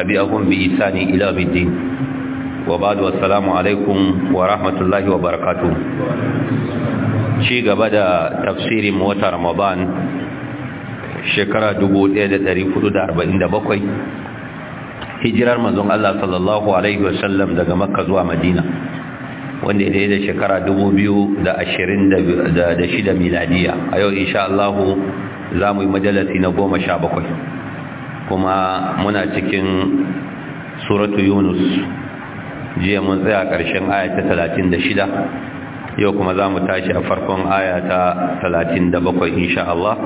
تبعهم بإحسان إلى الدين وبعد والسلام عليكم ورحمة الله وبركاته شيء بدا تفسير موتى رمضان شكرا دبو إيدة تريفو دار بإن بقوي hijirar manzon Allah sallallahu alaihi sallam daga Makka zuwa Madina wanda ya da shekara 2026 miladiya a yau insha Allah za mu yi majalisi na 17 kuma muna cikin suratu yunus jiya mun tsaya ƙarshen ayata talatin da shida yau kuma za mu tashi a farkon ayata ta talatin da bakwai insha Allah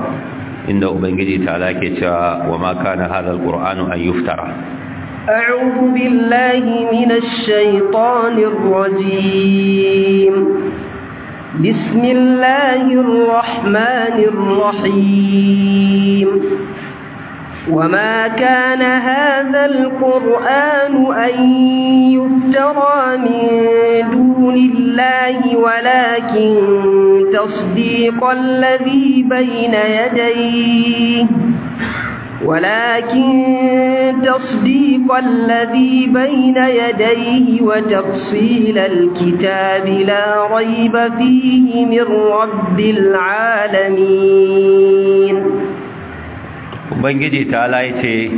inda ubangiji ta ke cewa wa ma na hadar alqur'anu an yuftara أعوذ بسم الله الرحمن الرحيم وما كان هذا القرآن أن يفترى من دون الله ولكن تصديق الذي بين يديه ولكن تصديق الذي بين يديه وتفصيل الكتاب لا ريب فيه من رب العالمين ubangiji ta ala ce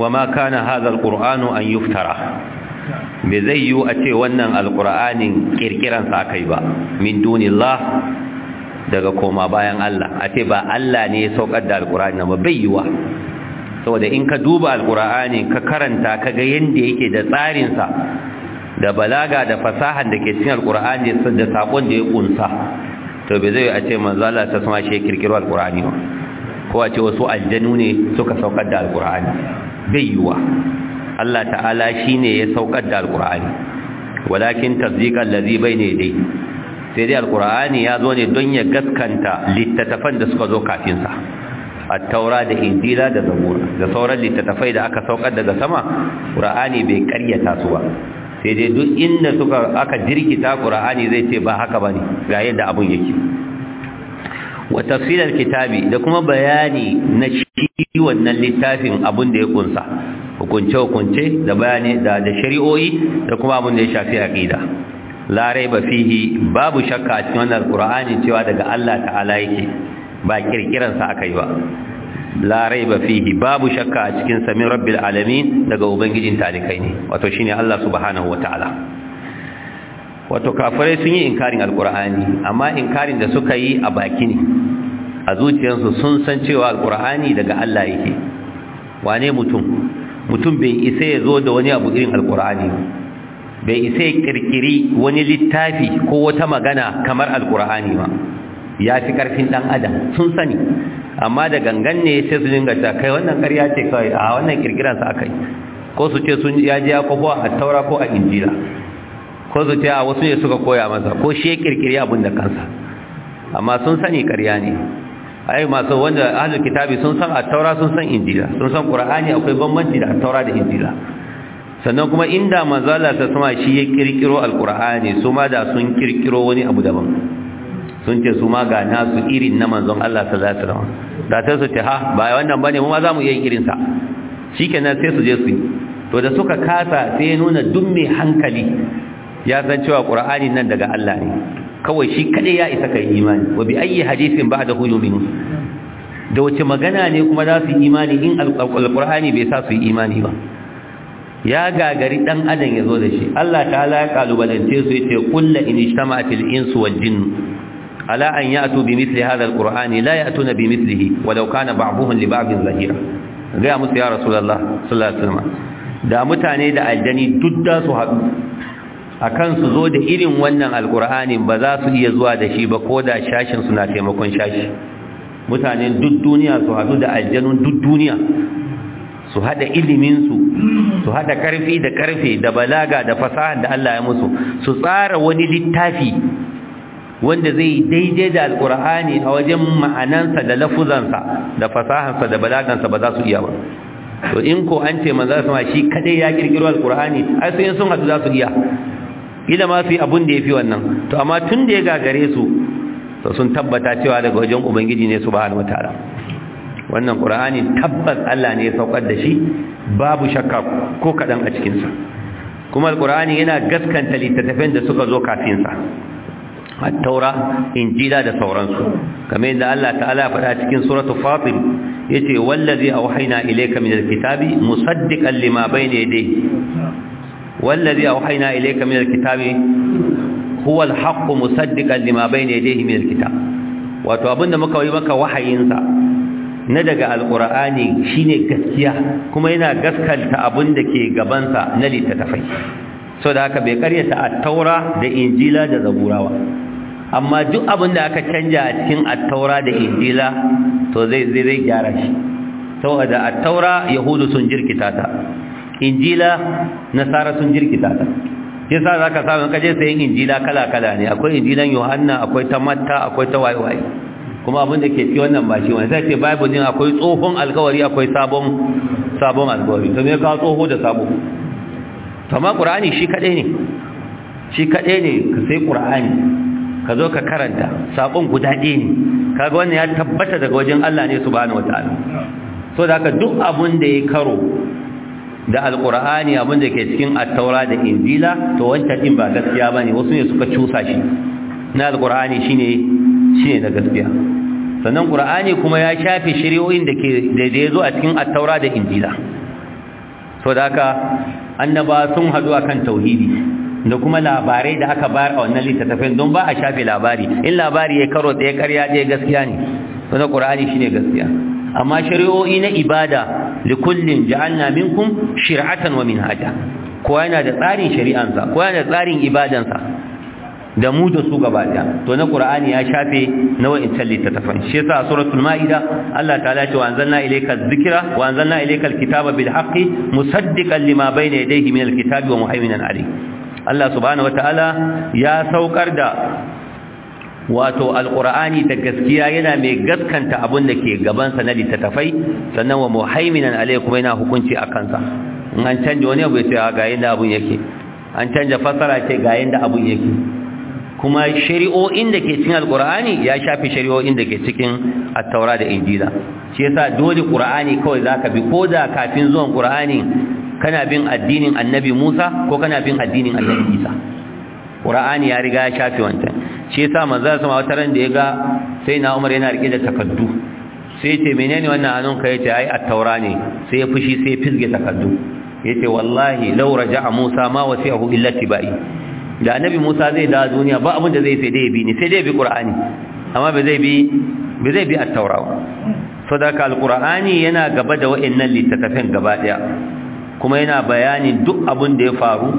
wa ma kana hadha ƙuranu an yuftara bai zai yiwu a ce wannan alqur'anin ƙirƙiran sa kai ba min dunillah daga koma bayan Allah a ce ba Allah ne ya saukar da alqur'ani ba bai wa saboda in ka duba alqur'ani ka karanta ka ga yadda yake da tsarinsa da balaga da fasahan da ke cin alqur'ani da sakon da ya ƙunsa. to bai zai a ce manzala ta suma shi ƙirƙiro alqur'ani ba ko a ce wasu aljanu ne suka saukar da alkur'ani bai yiwa Allah ta'ala shine ya saukar da alkur'ani walakin tasdiqan ladhi bayne dai sai dai alkur'ani ya zo ne don ya gaskanta littattafan da suka zo kafin sa at-taura da injila da zabura da sauran littattafai da aka saukar daga sama qur'ani bai karyata su ba sai dai duk inda suka aka jirkita qur'ani zai ce ba haka bane ga yadda abun yake wa tafsir kitabi da kuma bayani na shi wannan littafin abin da ya kunsa hukunce-hukunce da bayani da da shari'o'i da kuma abin da ya shafi aqida la raiba fihi babu shakka a cikin wannan alqur'ani cewa daga Allah ta'ala yake ba kirkiran sa aka ba la raiba fihi babu shakka a cikin samin rabbil alamin daga ubangijin talikai ne wato shine Allah subhanahu wataala wato kafirai sun yi inkarin alkur'ani amma inkarin da suka yi a baki ne a zuciyarsu sun san cewa alkur'ani daga Allah yake wane mutum mutum bai isa ya zo da wani abu irin alkur'ani bai isa ya kirkiri wani littafi ko wata magana kamar alkur'ani ba ya fi karfin dan adam sun sani amma da gangan ne sai su dinga ta kai wannan ƙarya ce kawai a wannan kirkiransa akai ko su ce sun ya ya kwafo a taura ko a injila ko su ce a wasu ne suka koya masa ko shi ya kirkiri abin da kansa amma sun sani ƙarya ne ai masu wanda ahlul kitabi sun san at-taura sun san injila sun san qur'ani akwai bambanci da at-taura da injila sannan kuma inda manzo Allah ta sama shi ya kirkiro al su ma da sun kirkiro wani abu daban sun ce su ma ga nasu irin na manzon Allah ta zata rawa da ta su ce ha ba wannan bane mu ma zamu iya irin sa shikenan sai su je su to da suka kasa sai nuna duk mai hankali ya san cewa qur'ani nan daga Allah ne kawai shi kaɗai ya isa ka yi imani wa bi ayyi hadisin ba'dahu yu'minu da wace magana ne kuma za su yi imani in Alƙur'ani bai sa su yi imani ba ya gagari dan adam ya zo da shi Allah ta'ala ya kalubalance su yace kulla in ijtama'atil insu wal jinnu ala an ato bi mithli hadha la ya'tuna bi mithlihi walau kana na li libabin zahira Gaya musu ya rasulullah sallallahu alaihi da mutane da aljani duk da su haɗu akan su zo da irin wannan alkur'ani ba za su iya zuwa da shi ba ko da shashin suna taimakon shashi mutanen duk duniya su haɗu da aljanun duk duniya su haɗa iliminsu su haɗa ƙarfi da ƙarfe da balaga da fasaha da Allah ya musu su tsara wani littafi wanda zai daidai da alkur'ani a wajen ma'anansa da lafuzansa da fasahansa da balagansa ba za su iya ba to in ko an ce manzo sama shi kadai ya kirkiro alkur'ani ai sai sun hadu za su iya kila ma su abun da ya fi wannan to amma tun da ya gagare su to sun tabbata cewa daga wajen ubangiji ne su bahar matara wannan ƙura'ani tabbas Allah ne ya saukar da shi babu shakka ko kaɗan a cikinsa kuma alƙura'ani yana gaskanta littattafin da suka zo kafinsa التوراة إنجيلا ده سورانسو da allah ta'ala faɗa cikin سورة فاطر yace والذي أوحينا إليك min kitabi? musaddiqan lima bayna yadayhi والذي أوحينا إليك من الكتاب هو الحق مصدقا لما بين يديه من الكتاب wato abinda muka yi maka wahayinsa na daga alkur'ani shine gaskiya kuma yana gaskalta abinda ke gabansa na littattafai so da haka bai karyata at-taura da injila da zaburawa amma duk abinda aka canja a cikin at-taura da injila to zai zai gyara shi saboda at-taura yahudu sun jirkita ta injila nasara sun jirkita ta yasa ka samu kaje sayin injila kala kala ne akwai injilan yohanna akwai ta matta akwai ta wayewaye kuma abin da ke ci wannan ba shi wani sai ce bible din akwai tsohon alkawari akwai sabon sabon alkawari to me ka tsoho da sabo ma qur'ani shi kadai ne shi kadai ne ka sai qur'ani ka zo ka karanta sabon guda ɗaya ne kaga wannan ya tabbata daga wajen Allah ne subhanahu wataala so da haka duk abun da ya karo da alqur'ani abin da ke cikin at da injila to wancan din ba gaskiya bane wasu ne suka cusa shi na alqur'ani shine shine na gaskiya sannan qur'ani kuma ya shafi shiriyoyin da ke da zo a cikin at da injila to da haka annaba sun hadu akan tauhidi da kuma labarai da aka bayar a wannan littattafin don ba a shafi labari in labari ya karo ɗaya ƙarya ɗaya gaskiya ne na ƙur'ani shine gaskiya amma shari'o'i na ibada likullin ja'alna minkum shir'atan wa minhaja kowa yana da tsarin shari'ansa kowa yana da tsarin ibadansa da mu da su gaba daya to na qur'ani ya shafe na wa'incan littattafan shi yasa suratul ma'ida Allah ta'ala ce wa anzalna ilayka dhikra wa anzalna ilayka alkitaba bil haqqi musaddiqan lima bayna yadayhi min alkitabi wa muhaiminan alayh Allah subhanahu wa ta'ala ya saukar da wato alqur'ani da gaskiya yana mai gaskanta abun da ke gaban sa na littattafai sannan wa muhaiminan alai kuma yana hukunci a kansa in an canje wani abu sai ga yadda abun yake an canje fasara ce ga yadda abun yake kuma shari'o'in da ke cikin alqur'ani ya shafi shari'o'in da ke cikin at-taura da injila shi yasa dole qur'ani kawai zaka bi ko da kafin zuwan qur'ani kana bin addinin annabi Musa ko kana bin addinin annabi Isa Qur'ani ya riga ya shafi wancan shi yasa manzo sama wata ran da ya ga sai na Umar yana rike da takaddu sai ce menene wannan anun kai ce ai at-taura ne sai ya fushi sai ya fisge takaddu yace wallahi law raja'a Musa ma wasi'ahu illa tibai da annabi Musa zai da duniya ba abin da zai sai dai bi ni sai dai bi Qur'ani amma ba zai bi ba zai bi at-taura sadaka al-Qur'ani yana gaba da wayannan littafin gaba daya kuma yana bayanin duk abin da ya faru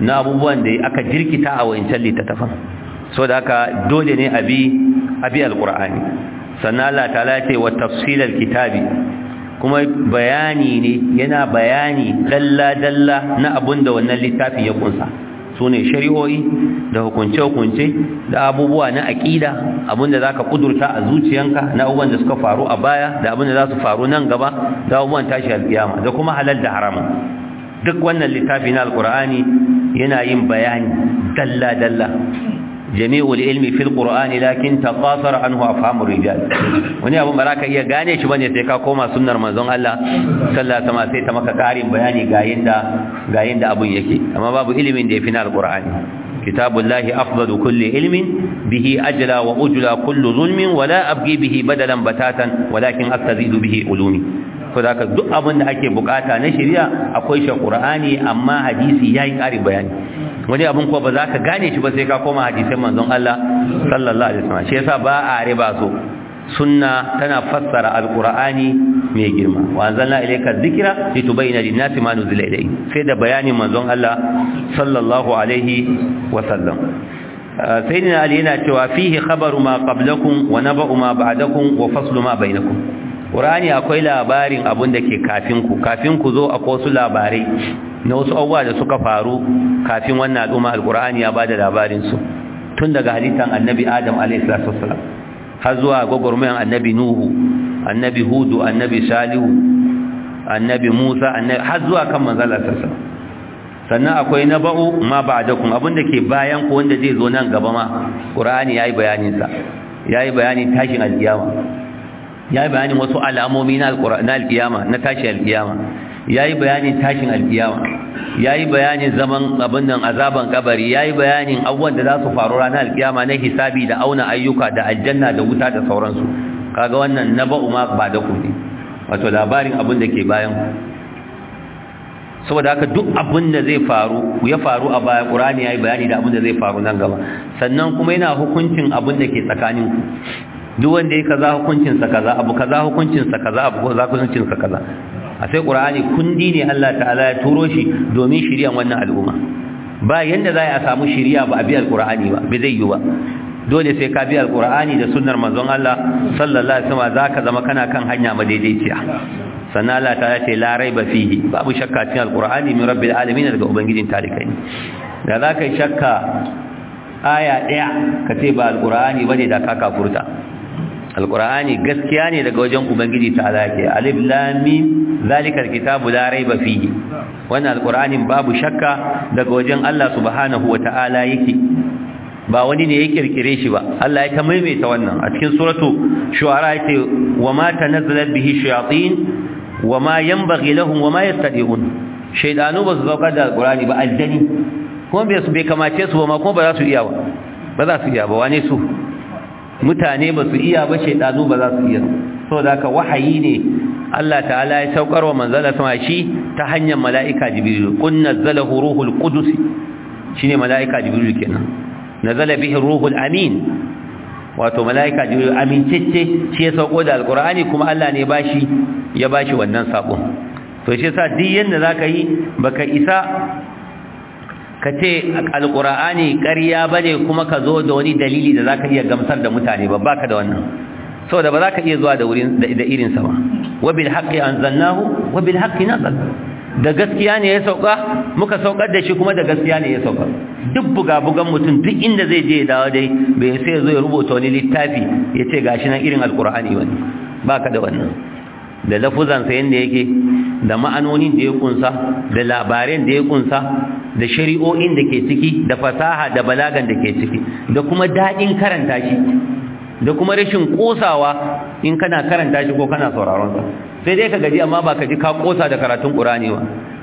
na abubuwan da aka jirkita a wayancan littafin so da aka dole ne abi abi alqur'ani sannan Allah ta ya wa tafsilal kitabi kuma bayani ne yana bayani dalla dalla na abun da wannan littafin ya kunsa sune shari'o'i da hukunce hukunce da abubuwa na aqida abunda da zaka kudurta a zuciyanka na abubuwan da suka faru a baya da abunda za su faru nan gaba da abubuwan tashi alkiyama da kuma halal da haramun duk wannan littafi na alqur'ani yana yin bayani dalla dalla جميع العلم في القرآن لكن تقاصر عنه أفهام الرجال وني أبو مراك إيا غاني شبان يتكا كوما سنة رمضان الله صلى الله عليه وسلم سيتمكا كارم بياني غاين دا غاين دا أبو يكي أما باب علم دي فينا القرآن كتاب الله أفضل كل علم به أجلى وأجلى كل ظلم ولا أبقي به بدلا بتاتا ولكن أستزيد به علومي so da duk abin da ake bukata na shari'a akwai shi qur'ani amma hadisi yayi ƙarin bayani wani abin ko ba za ka gane shi ba sai ka koma hadisin manzon Allah sallallahu alaihi wasallam shi yasa ba a riba so sunna tana fassara alqur'ani mai girma wa anzalna ilayka dhikra litubayyana lin-nasi ma nuzila ilayhim sai da bayanin manzon Allah sallallahu alaihi wasallam ah, sayyidina ali yana cewa fihi khabaru ma qablakum wa naba'u ma ba'dakum wa faslu ma bainakum ƙurani akwai labarin abun da ke kafin ku kafin ku zo a wasu labarai na wasu abubuwa da suka faru kafin wannan al'umma qurani ya bada labarin su tun daga halittar annabi adam alaihi salatu wasalam har zuwa gwagwarmayan annabi nuhu annabi hudu annabi salihu annabi musa har zuwa kan manzala sassa sannan akwai na ba'u ma ba da abin da ke bayan ku wanda zai zo nan gaba ma Qur'ani ya yi bayaninsa ya yi bayanin tashin alkiyama ya yi bayanin wasu alamomi na alkiyama na tashi alkiyama ya yi bayanin tashin alkiyama ya yi bayanin zaman abin nan azaban kabari ya yi bayanin abubuwan da za su faru ranar alkiyama na hisabi da auna ayyuka da aljanna da wuta da sauransu kaga wannan na ba'u ma ba da kudi wato labarin abin da ke bayan saboda haka duk abin da zai faru ya faru a baya ƙurani ya yi bayani da abin da zai faru nan gaba sannan kuma yana hukuncin abin da ke tsakaninku duk wanda ya kaza hukuncinsa kaza abu kaza hukuncinsa kaza abu kaza hukuncinsa kaza a sai qur'ani kundi ne Allah ta'ala ya turo shi domin shiriyan wannan al'umma ba yanda za a samu shiriya ba a bi alqur'ani ba bai zai yi ba dole sai ka bi alqur'ani da sunnar manzon Allah sallallahu alaihi wasallam zaka zama kana kan hanya madaidaiciya sannan Allah ta ce la raiba fihi babu shakka cikin alqur'ani min rabbil alamin daga ubangijin talikai da zaka shakka aya daya ce ba alqur'ani bane da ka kafurta alqur'ani gaskiya ne daga wajen ubangiji ta alake alif lam mim zalikal kitabu la raiba fihi wannan alqur'anin babu shakka daga wajen Allah subhanahu ta'ala yake ba wani ne ya kirkire shi ba Allah ya ta maimaita wannan a cikin suratu shu'ara yace wa ma tanazzalat bihi shayatin wa ma yanbaghi lahum wa ma yastadi'un shaydanu ba su zauka da alqur'ani ba aljani kuma bai su bai kamace su ba ma kuma ba za su iya ba ba za su iya ba wane su mutane ba su iya ba shaidanu ba za su iya so da ka wahayi ne Allah ta'ala ya saukar wa manzala sama shi ta hanyar mala'ika Jibiru. kun nazzala ruhul qudus shine mala'ika Jibiru kenan nazala bihi ruhul amin wato mala'ika jibril amincicce shi ya sauko da Alƙur'ani kuma Allah ne bashi ya bashi wannan sako to shi yasa duk yanda zaka yi baka isa ka ce Alƙura'ani ƙarya bane kuma ka zo da wani dalili da za ka iya gamsar da mutane ba baka da wannan Sau da ba za ka iya zuwa da irin sama. ba wa an zanna hu, wabin haƙƙi na nazal da gaskiya ne ya sauka muka saukar da shi kuma da gaskiya ne ya sauka duk buga-bugan mutum duk inda zai je dawo dai bai sai zo ya rubuta wani littafi ya ce gashi nan irin alkur'ani wani baka da wannan da lafuzansa yadda yake da ma'anonin da ya kunsa da labarin da ya kunsa da shari'o'in da ke ciki da fasaha da balagan da ke ciki da kuma daɗin karanta shi da kuma rashin kosawa in kana karanta shi ko kana sauraron sa sai dai ka gaji amma ba ka ji ka kosa da karatun Qur'ani ba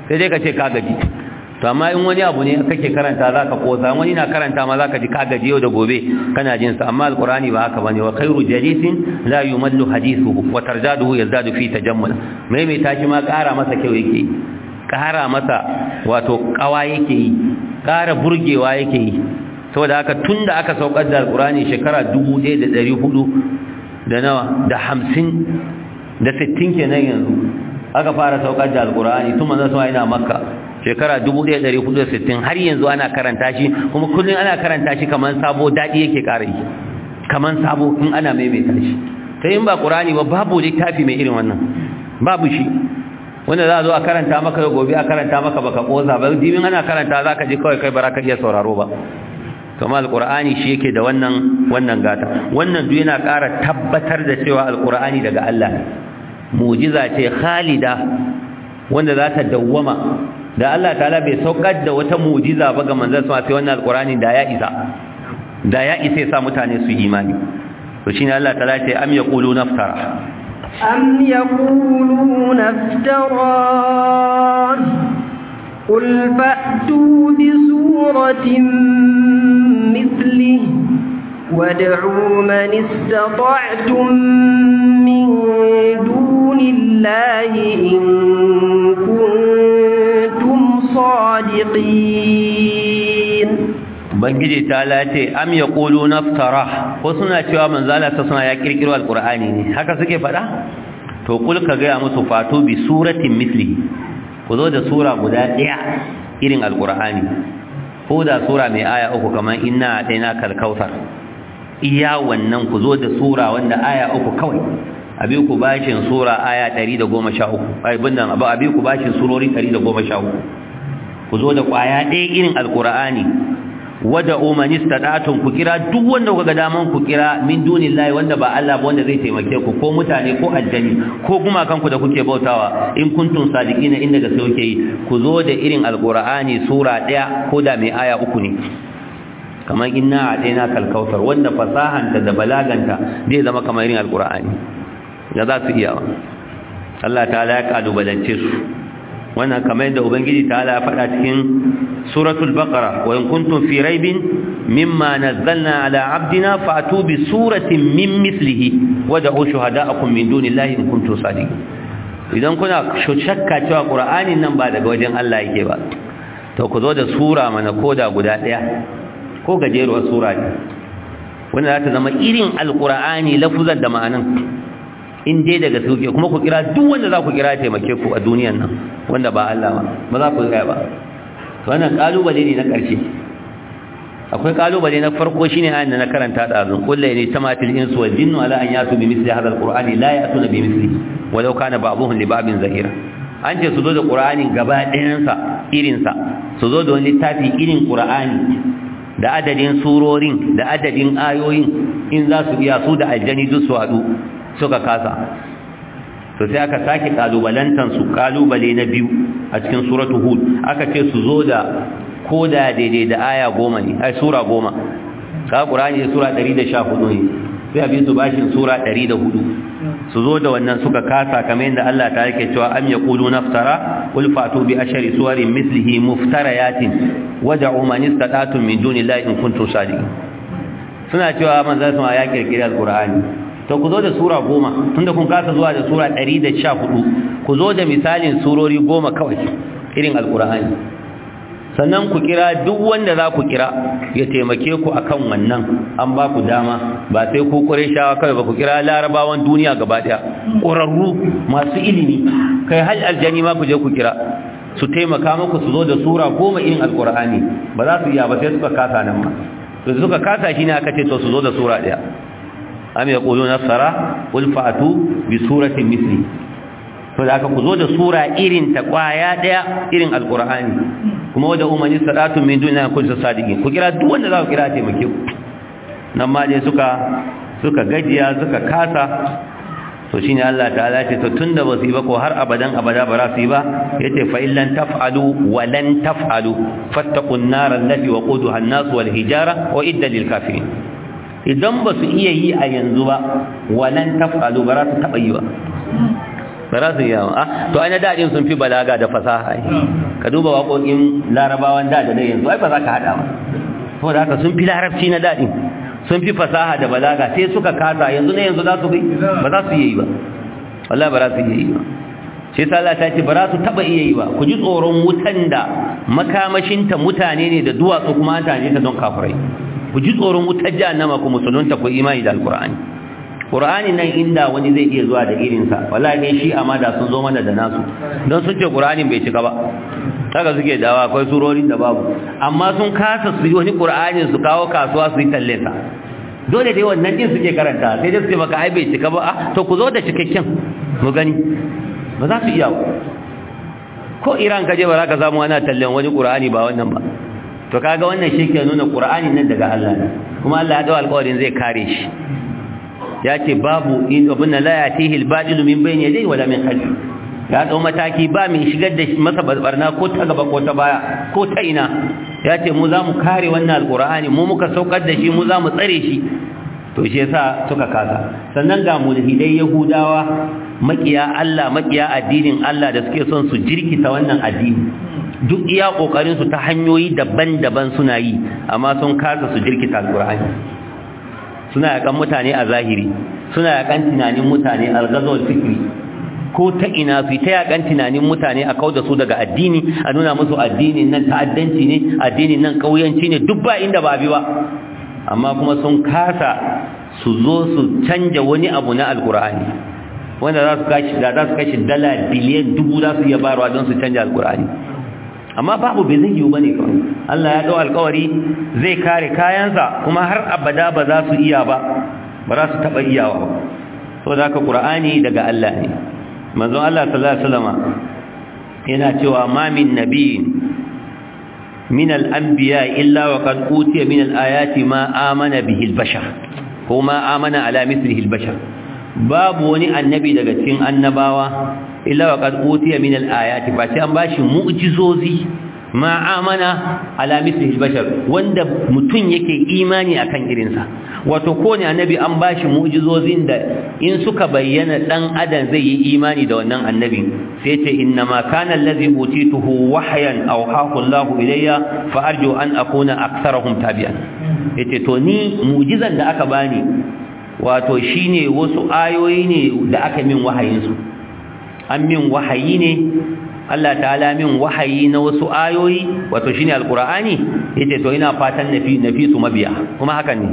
sai dai ka ce ka gaji to amma in wani abu ne kake karanta za ka kosa wani na karanta ma za ka ji ka yau da gobe kana jin sa amma alqur'ani ba haka bane wa khairu jalisin la yumallu hadithuhu wa tarjaduhu yazdadu fi tajammul mai mai taki ma kara masa kyau yake kara masa wato kawa yake yi kara burgewa yake yi saboda haka tunda aka saukar da alqur'ani shekara 1400 da nawa da hamsin da 60 kenan yanzu aka fara saukar da alqur'ani tun manzo sai ina makka shekara 1460 har yanzu ana karanta shi kuma kullum ana karanta shi kamar sabo daɗi yake ƙara yi kamar sabo in ana maimaita shi ta yin ba ƙurani ba babu littafi mai irin wannan babu shi wanda za a zo a karanta maka gobe a karanta maka baka ƙoza ba dibin ana karanta za ka ji kawai kai ba ka iya sauraro ba Kamar alƙur'ani shi yake da wannan wannan gata wannan duk yana ƙara tabbatar da cewa alƙur'ani daga Allah ne mu'jiza ce khalida wanda za ta dawwama da Allah ta'ala bai saukar da wata mu'jiza ba ga manzon sa sai wannan alqur'ani da ya isa da ya isa sa mutane su imani to shine Allah ta'ala ya ce am ya kulu naftara am yaquluna naftara قل فأتوا بسورة مثله وادعوا من استطعتم من دون الله إن صادقين ubangiji ta lace am ya ƙolo naftara ko suna cewa manzala ta suna ya ƙirƙiro alƙur'ani ne haka suke faɗa to kul gaya musu fato bi suratin misli ku zo da sura guda ɗaya irin alƙur'ani ko da sura mai aya uku kamar ina ɗaya kalkautar iya wannan ku zo da sura wanda aya uku kawai abi ku bashin sura aya 113 ai bindan abu abi ku bashin surori 113 ku zo da ƙwaya ɗaya irin alƙur'ani wada umani stadatun ku kira duk wanda kuka ga daman ku kira min layi, wanda ba Allah ba wanda zai taimake ku ko mutane ko aljani ko gumakanku da kuke bautawa in kuntum na inda da kuke yi ku zo da irin alqur'ani sura ɗaya, ko da mai aya uku ne kamar inna adaina kalkautar wanda fasahanta da balaganta zai zama kamar irin alqur'ani da za su iya Allah ta'ala ya kalubalance su wannan kamar yadda ubangiji ta'ala ya faɗa cikin suratul baqara wa in kuntum fi raibin mimma nazzalna ala abdina fa'tu bi suratin min mislihi wa da'u shuhada'akum min dunillahi in kuntum sadiqin idan kuna shakka cewa qur'anin nan ba daga wajen Allah yake ba to ku zo da sura mana koda guda daya ko gajeruwar sura ne wanda za ta zama irin alqur'ani lafuzar da ma'anan in dai daga sauke kuma ku kira duk wanda za ku kira taimake ku a duniyan nan wanda ba Allah ba ba za ku tsaya ba to wannan kalubale ne na ƙarshe akwai kalubale na farko shine ayan da na karanta da azun kullu ne tamatil insu wal jinnu ala an yasu bi misli hadha alqur'ani la yatuna bi misli walau kana ba'dhum li ba'din zahira an ce su zo da qur'ani gaba sa irin sa. su zo da wani littafi irin qur'ani da adadin surorin da adadin ayoyin in za su iya su da aljani duk su haɗu suka kasa to sai aka sake kalubalantan su kalubale na biyu a cikin suratu hud aka ce su zo da koda daidai da aya goma ne ai sura goma ka qur'ani sura 114 ne sai abin su bashin sura 104 su zo da wannan suka kasa kamar yadda Allah ta yake cewa am yaqulu naftara qul fatu bi ashri suwarin mislihi muftariyatin wad'u man istata'tum min dunillahi in kuntum sadiqin suna cewa manzo sun ya kirkira alqur'ani to ku zo da sura goma tunda kun kasa zuwa da sura ɗari da sha hudu ku zo da misalin surori goma kawai irin alkur'ani sannan ku kira duk wanda za ku kira ya taimake ku akan wannan an ba ku dama ba sai ku shawa kawai ba ku kira larabawan duniya gaba ɗaya ƙwararru masu ilimi kai hal aljani ma ku je ku kira su taimaka muku su zo da sura goma irin alkur'ani ba za su iya ba sai suka kasa nan ma to suka kasa shi ne aka ce to su zo da sura ɗaya am yaquluna nasara qul fa'tu bi suratin misli to da aka zo da sura irin ta kwaya daya irin alqur'ani kuma wada umani salatu min dunna kun sadiqin ku kira duk wanda za ku kira taimake ku nan ma dai suka suka gajiya suka kasa to shine Allah ta'ala ce to tunda ba su yi ba ko har abadan abada ba za su yi ba yace fa illan taf'alu wa lan taf'alu fattaqun nar allati waquduha an-nas wal hijara wa idda lil kafirin idan ba su iya yi a yanzu ba walan taf'alu ba za su taɓa yi ba ba za su yi ba ah, to ai na daɗin sun fi balaga da fasaha ka duba waƙoƙin larabawan da da yanzu ai ba za ka haɗa ba To da haka sun fi larabci na daɗin sun fi fasaha da balaga sai suka kasa yanzu ne yanzu za su yi ba za su yi ba wallahi ba za su yi ba sai ta Allah ta ce ba za su taba iya yi ba ku ji tsoron wutan da makamashinta mutane ne da duwatsu kuma an tanje ta don kafirai ku ji tsoron wutar jahannama ku musulunta ku imani da alqur'ani qur'ani nan inda wani zai iya zuwa da irin sa wallahi ne shi amma da sun zo mana da nasu don sun ce qur'anin bai cika ba saka suke dawa akwai surorin da babu amma sun kasa su yi wani qur'anin su kawo kasuwa su yi sa. dole dai wannan din suke karanta sai dai suke maka ai bai cika ba ah, to ku zo da cikakken mu gani ba za su iya ko iran kaje ba za ka samu ana tallan wani qur'ani ba wannan ba to kaga wannan shi ke nuna qur'ani nan daga Allah ne kuma Allah ya dawo alƙawarin zai kare shi ya ce babu in abunna la yatihi al min bayni yadayhi wala min khalfi ya ɗau mataki ba mai shigar da masa barna ko ta gaba ko ta baya ko ta ina ya ce mu za mu kare wannan alƙur'ani mu muka saukar da shi mu za mu tsare shi to shi yasa suka kasa sannan ga mulhidai yahudawa makiya Allah makiya addinin Allah da suke son su jirkita wannan addini duk iya kokarin su ta hanyoyi daban-daban suna yi amma sun kasa su jirkita alqur'ani suna yakan mutane a zahiri suna yakan tunanin mutane alghazwal fikri ko ta ina fi ta yakan tunanin mutane a kauda su daga addini a nuna musu addinin nan ta'addanci ne addinin nan kauyanci ne duk ba inda ba bi ba amma kuma sun kasa su zo su canja wani abu na alkur'ani wanda za su kashi dala biliyan dubu za su iya bayarwa don su canja alkur'ani amma babu bai zai yiwu ba ne kawai Allah ya ɗau alƙawari zai kare kayansa kuma har abada ba za su iya ba ba za su taɓa iyawa ba So saboda haka ƙura'ani daga Allah ne manzon Allah sallallahu alaihi wasallam yana cewa ma min nabiyyin min al-anbiya illa wa qad utiya min al-ayati ma amana bihi al-bashar ko ma amana ala mithlihi al-bashar babu wani annabi daga cikin annabawa illa wa qad utiya min al-ayati fa sai an bashi mu'jizozi ma amana ala mislihi bashar wanda mutun yake imani akan irinsa wato ko ne annabi an bashi mu'jizozin da in suka bayyana dan adam zai yi imani da wannan annabi sai ce inna ma kana allazi utituhu wahyan aw haqallahu ilayya fa arju an akuna aktharahum tabi'an yace to ni mu'jizan da aka bani wato shine wasu ayoyi ne da aka min wahayin su an min wahayi ne Allah ta'ala min wahayi na wasu ayoyi wato shine alqur'ani yace to ina fatan nafi nafi su mabiya kuma haka ne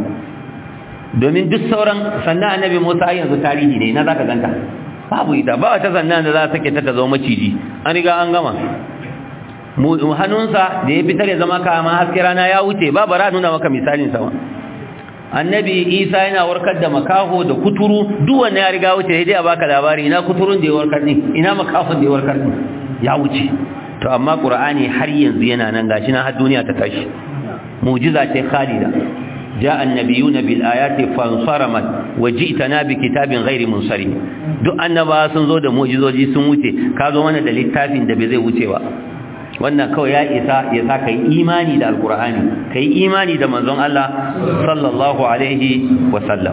domin duk sauran sanna annabi Musa yanzu tarihi ne na zaka ganta babu ita ba ta sanna da za ta sake ta zama maciji an riga an gama Mu hannunsa da ya fitar ya zama kama haske rana ya wuce ba bara nuna maka misalin sama annabi isa yana warkar da makaho da kuturu duk wanda ya riga wuce sai dai a baka labari ina kuturun da ya warkar din ina makahon da ya warkar din ya wuce to amma qur'ani har yanzu yana nan gashi na har duniya ta tashi mu'jiza ce khalida جاء النبيون بالآيات na bi kitabin ghairi musari. duk annaba sun zo da mu'jizoji sun wuce ka zo mana da littafin da bai zai wuce ba wannan kawai ya isa ya sa yi imani da ka yi imani da manzon Allah sallallahu alaihi wa sai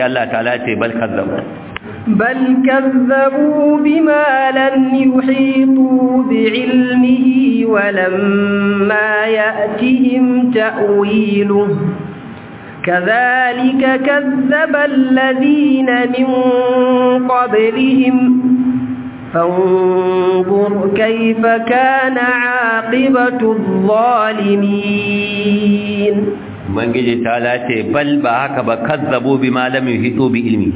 Allah ta'ala ce bal kazzabu bal kazzabu bima lam yuhitu bi'ilmihi wa lamma ya'tihim ta'wiluhu كذلك كذب الذين من فانظر كيف كان عاقبة الظالمين ubangiji ta lace bal ba haka ba kazzabu malamin ilmi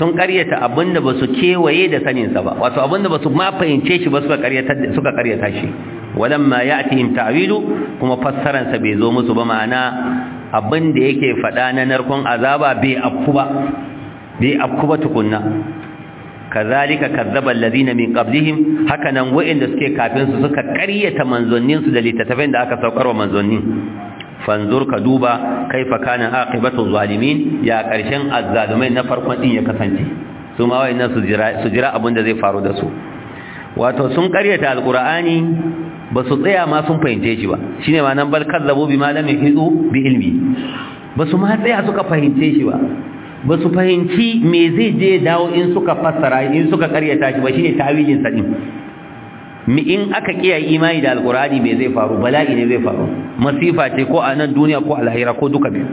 sun karyata abinda ba su kewaye da saninsa ba wato abinda ba su ma fahimce shi ba suka karyata suka karyata shi walamma ya'tihim ta'wilu kuma fassaran sa bai zo musu ba ma'ana abinda yake fada na narkon azaba bai afku ba bai afku ba tukunna kazalika kazzaba allazina min qablihim haka nan wa'inda suke kafin su suka ƙaryata manzonnin su da littattafan da aka wa manzonnin fanzur ka duba kaifa kana aqibatu zalimin ya karshen azzalumai na farkon din ya kasance su ma wayannan su jira su jira abin da zai faru da su wato sun karyata alqur'ani ba su tsaya ma sun fahimce shi ba shine ma nan bal kazzabu bima lam bi ilmi ba su ma tsaya suka fahimce shi ba ba su fahimci me zai je dawo in suka fassara in suka karyata shi ba shine tawilin sa din in aka kiyaye imani da alqur'ani me zai faru bala'i ne zai faru masifa ce ko a nan duniya ko lahira ko duka biyu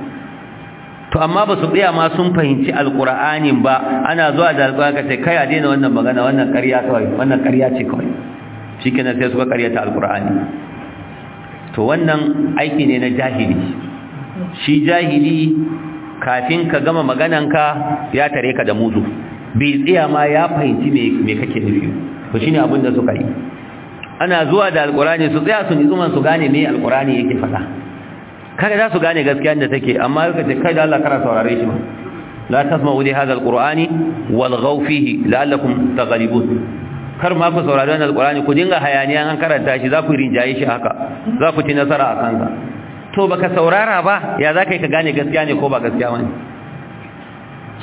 to amma ba su tsaya ma sun fahimci alqur'anin ba ana zuwa da alqur'ani ka ce kai a daina wannan magana wannan ƙarya kawai wannan ƙarya ce kawai kenan sai suka ƙaryata alqur'ani to wannan aiki ne na jahili shi jahili kafin ka gama magananka ya tare ka da muzu bai tsaya ma ya fahimci me kake nufi to shine abin da suka yi ana zuwa da alqurani su tsaya su nitsuman su gane me alqurani yake faɗa kada za su gane gaskiya da take amma yau kace kai da Allah kana saurare shi ba la tasma'u li hadha alqurani wal ghaw fihi la'allakum taghlibun kar ma ku saurari wannan alqurani ku dinga hayaniya an karanta shi za ku rinjaye shi haka za ku ci nasara a kanka to baka saurara ba ya za ka yi ka gane gaskiya ne ko ba gaskiya wani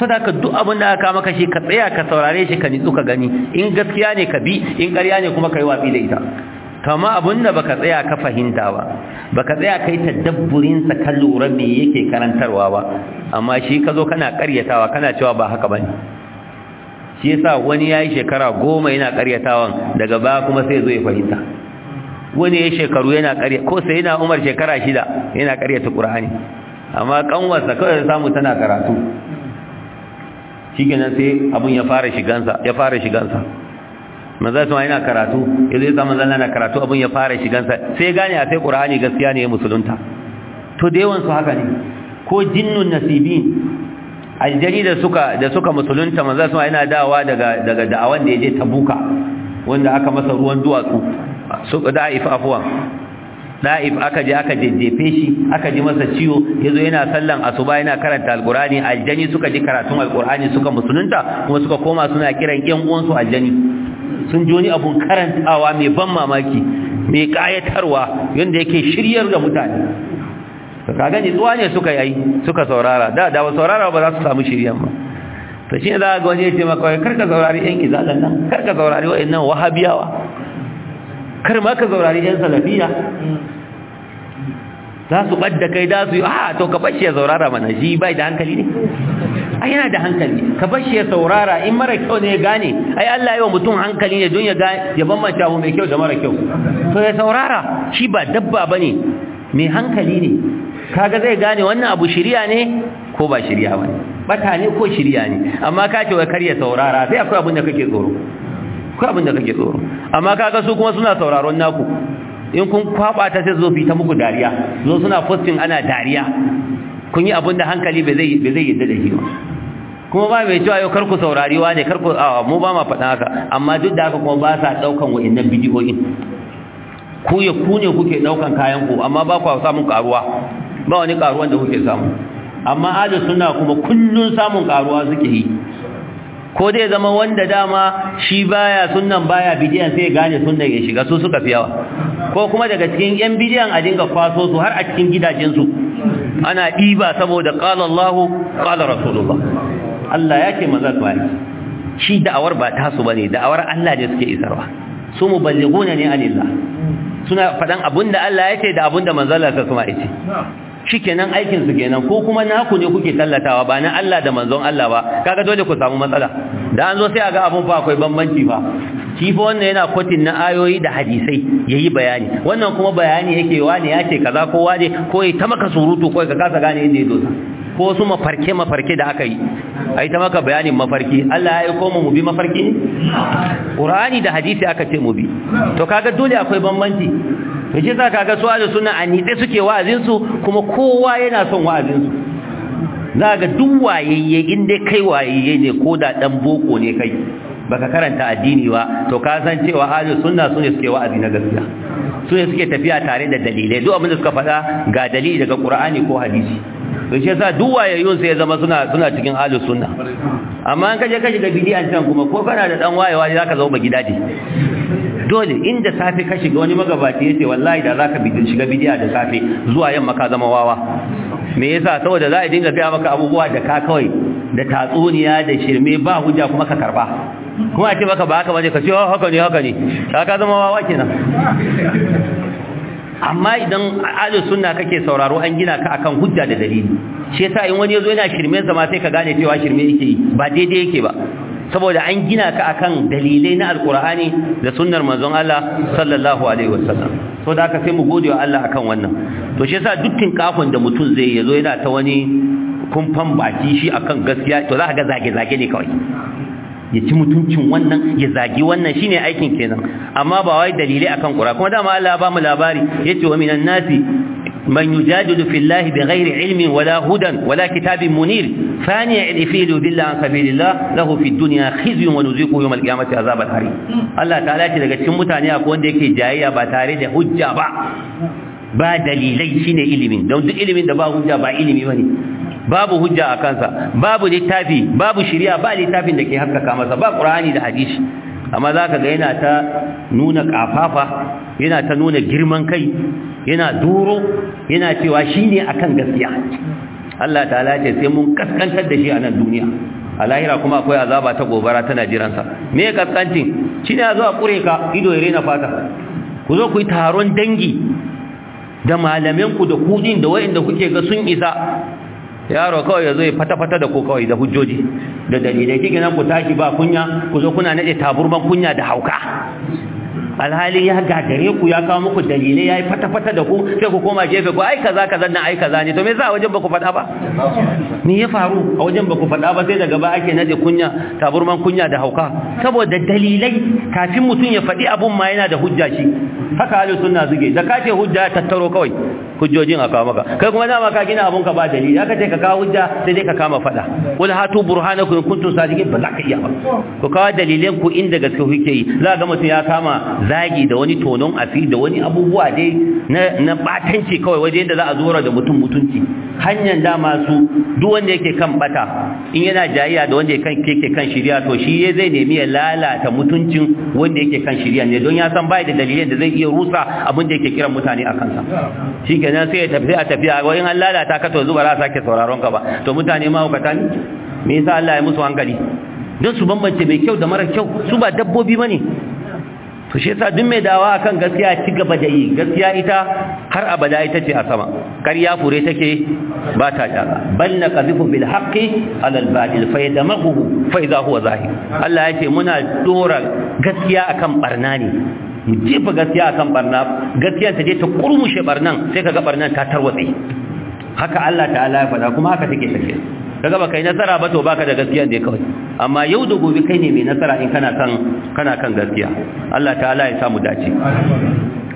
sadaka duk abin da aka maka shi ka tsaya ka saurare shi ka nitsu ka gani in gaskiya ne ka bi in ƙarya ne kuma ka yi watsi da ita kama abin da baka tsaya ka fahimta ba baka tsaya kai tadabburin sa ka lura me yake karantarwa ba amma shi ka zo kana ƙaryatawa kana cewa ba haka bane shi yasa wani yayi shekara goma yana ƙaryatawan daga ba kuma sai zo ya fahimta wani ya shekaru yana ƙarya ko sai yana umar shekara shida yana ta ƙura'ani amma ƙanwarsa kawai samu tana karatu shikenan sai abun ya fara shigansa ya fara shigansa manzo yana karatu yanzu ya samu zalla karatu abun ya fara shigansa sai gane a sai ƙura'ani gaskiya ne musulunta to da yawansu haka ne ko jinnun nasibin aljari da suka da suka musulunta su ma yana dawa daga da'awan da ya je tabuka wanda aka masa ruwan duwatsu su da'if afwan da'if aka je aka jejjefe shi aka ji masa ciwo yazo yana sallan asuba yana karanta alqur'ani aljani suka ji karatun alqur'ani suka musulunta kuma suka koma suna kiran yan uwansu aljani sun ji wani abun karantawa mai ban mamaki mai kayatarwa yanda yake shiryar da mutane ka gani tsuwa ne suka yi suka saurara da da saurara ba za su samu shiryan ba to shi ne za ga wani ya ce maka karka saurari yan izalan nan karka saurari wa'annan wahabiyawa kar ma ka zaurari yan salafiya za su ɓadda kai da su yi a ah, to ka bashi ya saurara mana shi bai da hankali ne ai yana da hankali ka bashi ya saurara in mara kyau ne ya gane ai Allah yi wa mutum hankali ne don ya ga ya bambanta abu mai kyau da mara kyau to ya saurara shi ba dabba ba ne. mai hankali ne kaga zai gane wannan abu shiriya ne ko ba shiriya ba bata ne ko shiriya ne amma ka ce wa kar ya saurara sai akwai abin da kake tsoro akwai abin da kake tsoro amma kaga su kuma suna sauraron naku in kun kwaba ta sai zo fi ta muku dariya zo suna fostin ana dariya kun yi abin da hankali bai zai ba zai yadda da shi kuma ba mai cewa yau karku saurari wane ne karku a mu ba ma faɗa haka amma duk da haka kuma ba sa ɗaukan wa'annan bidiyoyin ku ya ku ne kuke ɗaukan kayan ku amma ba ku samun karuwa ba wani karuwan da kuke samu amma ahlus suna kuma kullun samun karuwa suke yi ko dai zama wanda dama shi baya sunnan baya bidiyan sai gane sunnan ya shiga su suka fi yawa ko kuma daga cikin yan bidiyan a dinga kwaso su har a cikin gidajen su ana diba saboda qala Allah qala Rasulullah Allah yake manzo ba shi da'awar ba ta su bane da'awar Allah ne suke isarwa su muballighuna ne anillah suna fadan abunda Allah yake da abunda manzo Allah kuma yake shikenan aikin su kenan ko kuma naku ne kuke tallatawa ba na Allah da manzon Allah ba kaga dole ku samu matsala da an zo sai a ga abun fa akwai bambanci fa shi fa wannan yana kotin na ayoyi da hadisai yayi bayani wannan kuma bayani yake wani ya ce kaza ko wani ko ya ta maka surutu ko ka kasa gane inda ya dosa ko su mafarke mafarke da aka yi ai ta maka bayanin mafarki Allah ya yi koma mu bi mafarki ne? qurani da hadisi aka ce mu bi to kaga dole akwai bambanci to shi ka ga suwa da suna a nitse suke wa'azin su kuma kowa yana son wa'azin su za ga duk wayayye in dai kai wayayye ne ko da ɗan boko ne kai baka karanta addini ba to ka san cewa ahlus sunna sune suke wa'azi na gaskiya sune suke tafiya tare da dalilai duk abin da suka faɗa ga dalili daga Ƙur'ani ko hadisi to shi yasa duk wayayyun sai ya zama suna suna cikin halin sunna amma an kaje ka shiga bidiyan can kuma ko kana da dan wayewa ne zaka zama gidaje dole inda safe ka shiga wani magabaci yace wallahi da zaka shiga bidiya da safe zuwa yamma ka zama wawa me yasa saboda za a dinga gaya maka abubuwa da ka kawai da tatsuniya da shirme ba hujja kuma ka karba kuma a ce maka ba haka bane ka ce oh, haka ne haka ne ka zama wawa kenan amma idan ajin sunna kake sauraro an gina ka akan hujja da dalili shi yasa in wani yazo yana shirme zama sai ka gane cewa shirme yake yi ba daidai yake ba saboda an gina ka akan dalilai na alkur'ani da sunnar manzon Allah sallallahu alaihi wasallam to da aka sai mu gode wa Allah akan wannan to shi yasa dukkan kafin da mutum zai yazo yana ta wani kumfan baki shi akan gaskiya to za ka ga zage zage ne kawai ya ci mutuncin wannan ya zagi wannan shine aikin kenan amma ba wai dalilai akan kura kuma dama Allah ba mu labari yace wa minan nasi man yujadilu fillahi bighairi ilmin wala hudan wala kitabin munir fani al-ifilu billahi an sabilillah lahu fid dunya khizyun wa nuziqu yawm al-qiyamati azab hari Allah ta'ala ce daga cikin mutane akwai wanda yake jayayya ba tare da hujja ba ba dalilai shine ilimin don duk ilimin da ba hujja ba ilimi bane babu hujja a kansa babu littafi babu shari'a ba littafin da ke haskaka masa ba qur'ani da hadisi amma za ka ga yana ta nuna kafafa yana ta nuna girman kai yana duro yana cewa shi ne akan gaskiya Allah ta ce sai mun kaskantar da shi a nan duniya a lahira kuma akwai azaba ta gobara tana jiransa me kaskancin ne a zo a kure ka ido ya rena fata ku zo ku yi taron dangi da malamanku da kudin da wayanda kuke ga sun isa yaro kawai ya ya fata-fata da ko kawai da hujjoji da dalilai kike nan ku tashi ba kunya ku zo kuna nade taburban kunya da hauka alhali ya gagare ku ya kawo muku dalilai ya yi fata-fata da ku sai ku koma jefe ku ai kaza kaza na ai kaza ne to me za a wajen ba ku faɗa ba me ya faru a wajen ba ku faɗa ba sai daga ba ake naje kunya taburman kunya da hauka saboda dalilai kafin mutum ya faɗi abun ma yana da hujja shi haka ahlus sunna suke da kace hujja tattaro kawai hujjojin aka maka kai kuma dama ka gina abun ka ba dalili aka ce ka kawo hujja sai dai ka kama faɗa wal hatu burhanakum kuntum sadiqin ba za ka iya ba ku kawo dalilan ku inda gaske kuke yi za ga mutum ya kama zagi da wani tonon asiri da wani abubuwa dai na batanci kawai waje da za a zora da mutum mutunci hanyar da masu duk wanda yake kan bata in yana jayayya da wanda yake kan shirya to shi ya zai nemi ya lalata mutuncin wanda yake kan shirya ne don ya san bai da dalilin da zai iya rusa abin da yake kiran mutane a kansa shikenan sai ya tafi a tafiya wai an lalata ka to zuba za sake sauraron ka ba to mutane ma ku ne me yasa Allah ya musu hankali don su bambance mai kyau da mara kyau su ba dabbobi bane to shi yasa duk mai dawa akan gaskiya ci gaba da yi gaskiya ita har abada ita ce a sama ƙarya fure take ba ta jaka bal na qazifu bil haqqi ala al batil fa yadmaghu fa idha huwa zahir Allah ya ce muna dora gaskiya akan barna ne mu jefa gaskiya akan barna gaskiya ta je ta kurmushe barnan sai kaga barnan ta tarwatse haka Allah ta'ala ya faɗa kuma haka take take kaga baka yi nasara ba to baka da gaskiya ne kawai amma yau da gobe kai ne mai nasara in kana kan kana kan gaskiya Allah ta'ala ya samu dace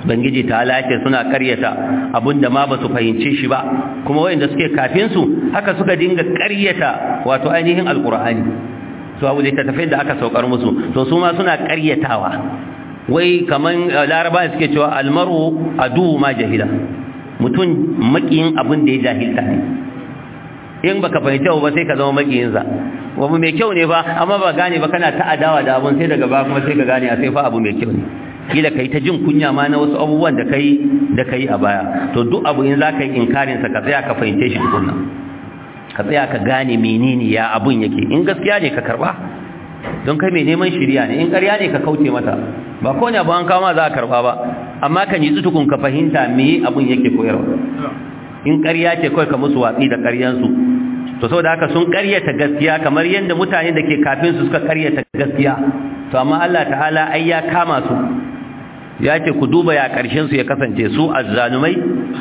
bangiji Taala yake suna karyata abinda ma ba su fahimci shi ba kuma wayanda suke kafin su haka suka dinga karyata wato ainihin alkur'ani to abu da tafi da aka saukar musu to su ma suna karyatawa wai kaman eh, laraba suke cewa almaru adu ma jahila mutum makiyin abin da ya jahilta ne in baka fahimci ba sai ka zama makiyinsa abu mai kyau ne ba amma ba gane ba kana ta adawa da abun sai daga ba kuma sai ka gane a sai fa abu mai kyau ne kila kai ta jin kunya ma na wasu abubuwan da kai da kai a baya to duk abu in zaka yi inkarin sa ka tsaya ka fahimce shi tukunna ka tsaya ka gane menene ya abun yake in gaskiya ne ka karba don kai mai neman shiriya ne in ƙarya ne ka kauce mata ba ko abu an kama za a karba ba amma kan yi tukun ka fahimta me abun yake koyarwa in ƙarya ce kawai ka musu watsi da ƙaryansu to saboda haka sun ƙaryata gaskiya kamar yadda mutane da ke kafin su suka ƙaryata gaskiya to amma Allah ta'ala ai ya kama su ya ce ku duba ya ƙarshen su ya kasance su azzalumai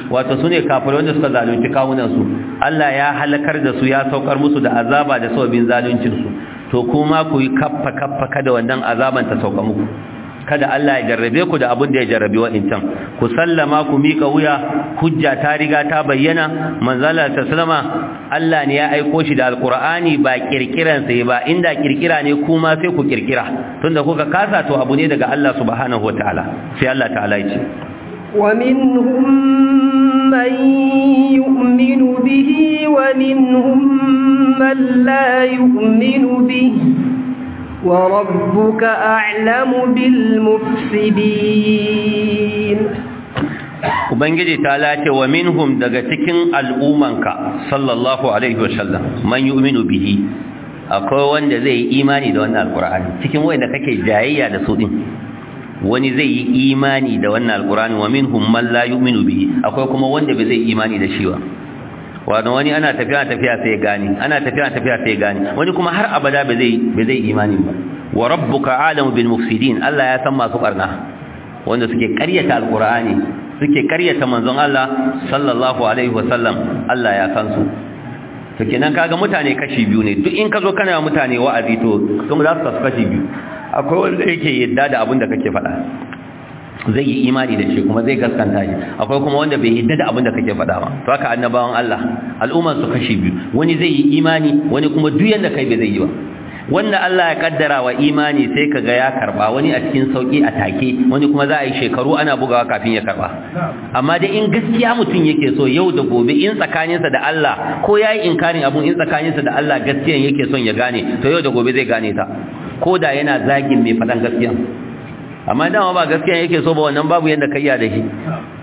wato su ne kafirai wanda suka zalunci kawunan su Allah ya halakar da su ya saukar musu da azaba da sabbin zaluncin su to kuma ku yi kaffa kaffa kada wannan azaban ta sauka muku kada Allah ya jarrabe ku da abin da ya jarrabi wa'incan ku sallama ku mika wuya hujja ta riga ta bayyana manzala ta sallama Allah ne ya aiko shi da alqur'ani ba kirkiran sai ba inda kirkira ne kuma sai ku kirkira tunda kuka kasa to abu ne daga Allah subhanahu wataala sai Allah ta'ala ya ce man yu'minu bihi wa minhum man la yu'minu bihi وربك أعلم بالمفسدين Ubangiji ta lace wa minhum daga cikin al'umanka sallallahu Alaihi wasallam man yi uminu bihi akwai wanda zai yi imani da wannan al'ur'ani cikin wanda kake jayayya da su ɗin wani zai yi imani da wannan al'ur'ani wa minhum man la yi uminu bihi akwai kuma wanda ba zai imani da shi ba wani wani ana tafiya tafiya sai gani ana tafiya tafiya sai gane, wani kuma har abada ba zai ba zai imani ba wa rabbuka alam bil mufsidin Allah ya san masu karna, wanda suke karyata alqur'ani suke karyata manzon Allah sallallahu alaihi wa sallam Allah ya san su to kenan kaga mutane kashi biyu ne duk in ka zo kana mutane wa'azi to sun za su kashi biyu akwai wanda yake yadda da abin da kake faɗa zai yi imani da shi kuma zai gaskanta shi akwai kuma wanda bai yi da abin da kake faɗa ba to haka annabawan Allah al'umman su kashi biyu wani zai yi imani wani kuma duk yanda kai bai zai yi ba wanda Allah ya kaddara wa imani sai kaga ya karba wani a cikin sauki a take wani kuma za a yi shekaru ana bugawa kafin ya karba amma dai in gaskiya mutum yake so yau da gobe in tsakaninsa da Allah ko yayi inkarin abun in tsakaninsa da Allah gaskiyan yake son ya gane to yau da gobe zai gane ta ko da yana zagin mai faɗan gaskiya. amma dama ba gaskiya yake so ba wannan babu yanda ka da shi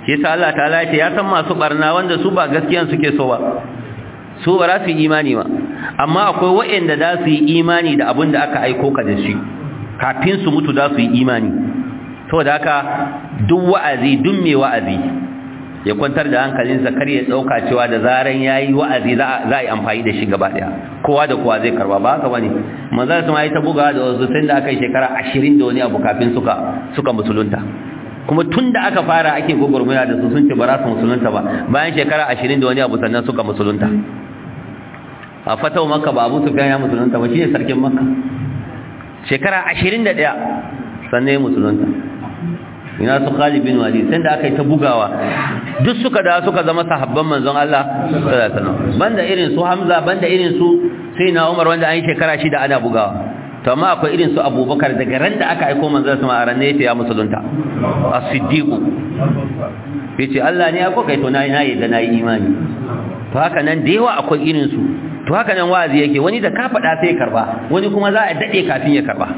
shi sa Allah ta'ala ya san masu barna wanda su ba gaskiyan suke so ba su ba za su yi imani ba amma akwai waɗanda za su yi imani da abin da aka aiko ka da shi kafin su mutu za su yi imani to da haka duk wa'azi duk mai wa'azi ya kwantar da hankalinsa kar ya ɗauka cewa da zaran yi wa'azi za a yi amfani da shi gaba daya kowa da kowa zai karba ba haka bane su ma yi ta buga da wasu tun da aka yi shekara ashirin da wani abu kafin suka suka musulunta kuma tun da aka fara ake gwagwarmaya da su sun ce ba za su musulunta ba bayan shekara ashirin da wani abu sannan suka musulunta a fatau maka ba abu su ya musulunta ba shine sarkin maka. shekara ashirin da ɗaya sannan ya musulunta ina su Khalid bin Walid sai da aka yi ta bugawa duk suka da suka zama sahabban manzon Allah sallallahu alaihi wasallam banda irin su Hamza banda irin su na Umar wanda an yi shekara shida ana bugawa to amma akwai irin su Abubakar daga ran da aka aika manzon sama a ran ne ya musulunta as-siddiq yace Allah ne akwai kai to nayi nayi da nayi imani to haka nan da yawa akwai irin su to haka nan wazi yake wani da ka faɗa sai ya karba wani kuma za a dade kafin ya karba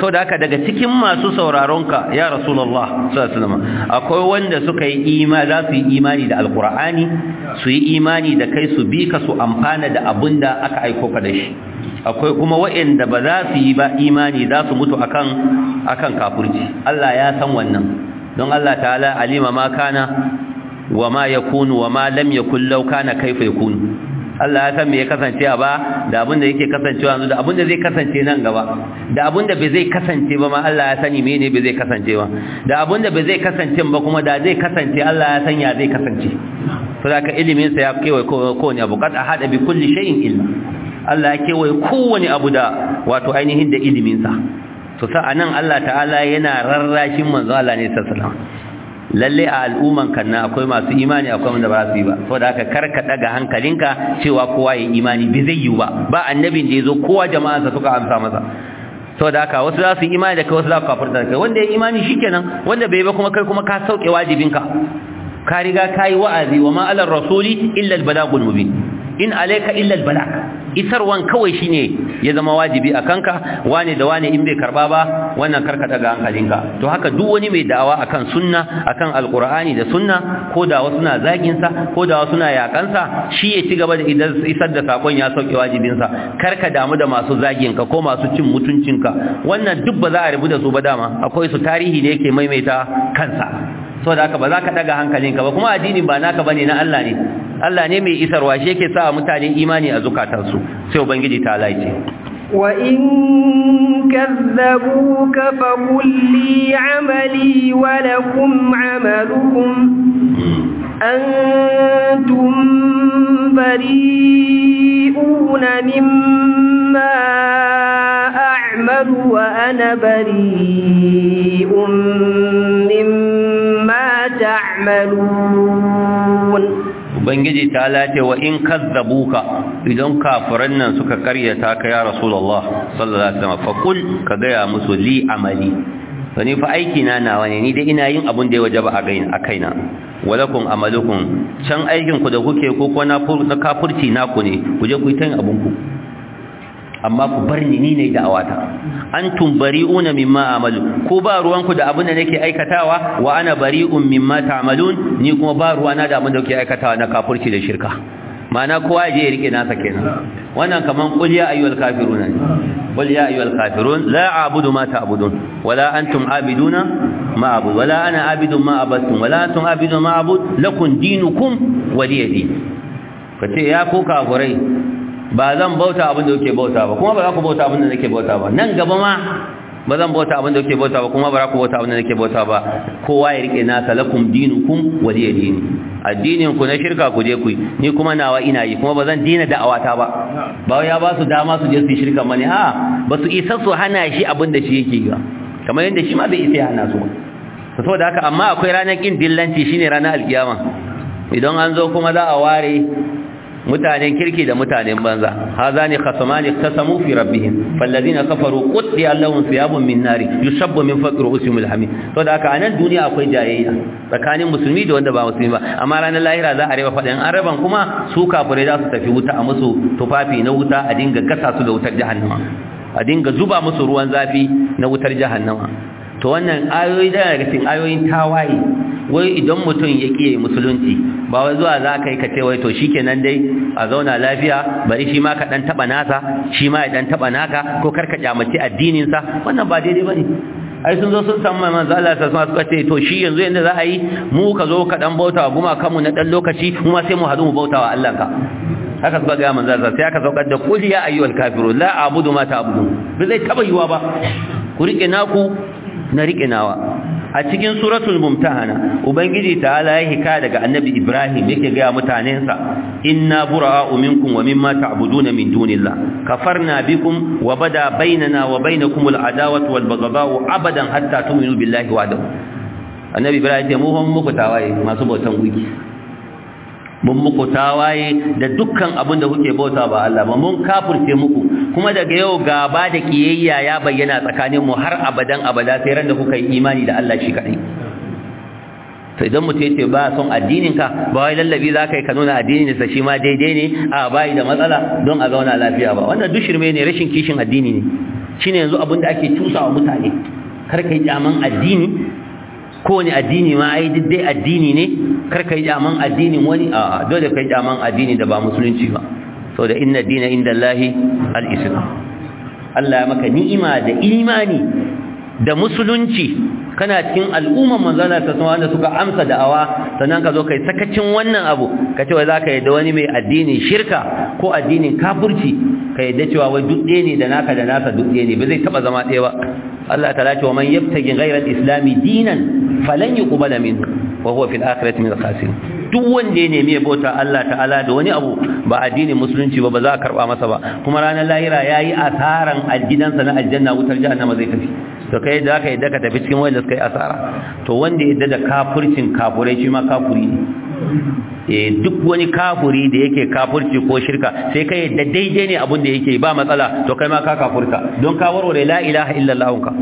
so da haka daga cikin masu sauraronka ya rasulullah sallallahu akwai wanda suka yi za su yi imani da alqur'ani su yi imani da kai su bi ka su amfana da da aka aiko ka da shi akwai kuma waɗanda ba za su yi ba imani za su mutu akan akan kafirci Allah ya san wannan don Allah ta'ala alima ma kana wa ma yakunu wa ma lam yakun law kana kaifa yakunu Allah ya san me ya kasance a ba da abin da yake kasancewa yanzu da abin da zai kasance nan gaba da abin da bai zai kasance ba ma Allah ya sani mene bai zai kasance ba da abin da bai zai kasance ba kuma da zai kasance Allah ya san ya zai kasance to da ilimin sa ya kewaye kowane abu kad ahada bi kulli shay'in illa. Allah ya kewaye kowane abu da wato ainihin da ilimin sa to sa anan Allah ta'ala yana rarrashin manzo Allah ne sallallahu alaihi wasallam lalle a al'umman kan na akwai masu imani akwai wanda ba su yi ba saboda haka kar ka daga hankalinka cewa kowa ya imani bi zai yi ba ba annabin da yazo kowa jama'ansa suka amsa masa saboda haka wasu za su yi imani da kai wasu za su kafirta da kai wanda ya imani shikenan wanda bai ba kuma kai kuma ka sauke wajibinka ka riga kai wa'azi wa ma rasuli illa al balagul mubin in alayka illa al balag isarwan kawai shine ya zama wajibi a kanka wane da wane in bai karba ba wannan karka daga hankalinka to haka duk wani mai da'awa akan sunna akan alqur'ani da sunna ko da wasu na zagin sa ko da wasu na yakan sa shi ya ci gaba da isar da sakon ya sauke wajibin sa karka damu da masu zagin ka ko masu cin mutuncin ka wannan duk ba za a rubuta su ba dama akwai su tarihi ne yake maimaita kansa saboda haka ba za ka daga hankalinka ba kuma addini ba naka bane na Allah ne Allah ne mai isarwa shi yake sa mutane imani a zukatansu sai ubangiji ta laice wa in kazzabuka fa kulli amali wa lakum amalukum hmm. antum bari'una mimma a'malu wa ana bari'un mimma ta'malun ubangiji ta lace wa in kazzabuka idan kafiran nan suka karyata ka ya rasulullah sallallahu alaihi wasallam faqul ka gaya musu li amali wani fa aiki na nawa ne ni dai ina yin abun da ya wajaba a gaina a kaina walakum amalukum can aikin ku da kuke ko ko na na naku ne ku je ku yi ta abun ku amma ku bar ni ni ne da'awata antum bari'una mimma amalu ku ba ruwanku da abin da nake aikatawa wa ana bari'un mimma ta'malun ni kuma ba ruwana da abin da kuke aikatawa na kafirci da shirka ma'ana kowa je ya rike nasa kenan wannan kaman qul ya ayyuhal kafiruna qul ya ayyuhal kafirun la a'budu ma ta'budun wala antum abiduna ma abudu. wala ana abidu ma abattum wala antum abidu ma abud lakum dinukum waliyadin kace ya ku kafirai ba zan bauta abin da kuke bauta ba kuma ba za ku bauta abin da nake bauta ba nan gaba ma ba zan bauta abin da kuke bauta ba kuma ba za ku bauta abin da nake bauta ba kowa ya rike na salakum dinukum waliya dini addinin ku na shirka ku je ku ni kuma nawa ina yi kuma ba zan dina da'awata ba ba ya ba su dama su je su shirka mani a ba su isa su hana shi abin da shi yake ga kamar yadda shi ma bai isa ya hana su ba saboda haka amma akwai ranar kin dillanci shine ranar alkiyama idan an zo kuma za a ware mutanen kirki da mutanen banza hazani khasamani iktasamu fi rabbihim fallazina kafaru qutti allahum thiyabun min nari yushabbu min faqri usmil hamim to da haka anan duniya akwai jayayya tsakanin musulmi da wanda ba musulmi ba amma ranar lahira za a raba fadin an raban kuma su kafirai za su tafi wuta a musu tufafi na wuta a dinga gasa su da wutar jahannama a dinga zuba musu ruwan zafi na wutar jahannama to wannan ayoyi da daga cikin ayoyin tawaye wai idan mutum ya kiyaye musulunci ba wai zuwa za ka yi ka ce wai to shikenan dai a zauna lafiya bari shi ma ka dan taba nasa shi ma ya dan taba naka ko kar ka kyamaci addinin sa wannan ba daidai bane ai sun zo sun samu manzo Allah sai suka ce to shi yanzu yanda za a yi mu ka zo ka dan bautawa kuma kanmu na dan lokaci mu ma sai mu hadu mu bautawa Allah ka haka suka ga manzo Allah sai aka saukar da kuliya ayyul kafiru la a'budu ma ta'budun bai zai taba yiwa ba ku rike naku na riƙe nawa a cikin suratul mumtahana ubangiji ta'ala ya hika daga annabi ibrahim yake ga mutanensa inna bura'u minkum wa mimma ta'buduna min dunillah kafarna bikum wa bada bainana wa bainakum al'adawatu wal baghdha'u abadan hatta tu'minu billahi wahdahu annabi ibrahim ya muhon muku tawaye masu bautan guki mun muku tawaye da dukkan abin da kuke bauta ba Allah ba mun kafirce muku kuma daga yau gaba da kiyayya ya bayyana tsakanin mu har abadan abada sai ran da kuka yi imani da Allah shi kadai to idan mutum yace ba son addinin ka ba wai lallabi za ka yi ka nuna addinin sa shi ma daidai ne a bai da matsala don a zauna lafiya ba wannan dushirme ne rashin kishin addini ne shine yanzu abin da ake tusawa mutane kar ka yi kyaman addini ne addini ma ai dai addini ne kar ka yi kyaman addinin wani a dole ka yi addini da ba musulunci ba Sau da inna dina inda Allahi al Allah ya maka ni'ima da imani da musulunci kana cikin al'umman manzana ta wanda suka amsa da'awa sannan ka zo kai sakacin wannan abu ka ce za ka yadda wani mai addinin shirka ko addinin kafurci ka yarda cewa wai duk ɗaya ne da naka da nasa duk ɗaya ne ba zai taɓa zama ɗaya ba Allah ta lace wa man yabtagi ghayra al-islami dinan falan yuqbala minhu wa huwa fil akhirati min al-khasirin duk wanda ya nemi bauta Allah ta'ala da wani abu ba addinin musulunci ba ba za a karba masa ba kuma ranar lahira yayi asaran aljidansa na aljanna wutar jahannama zai tafi to kai da kai da ka tafi cikin wanda suka yi asara to wanda ya da kafircin kafurai shi ma kafuri ne eh duk wani kafuri da yake kafurci ko shirka sai kai da daidai ne abin da yake ba matsala to kai ma ka kafurta don ka warware la ilaha illallah ka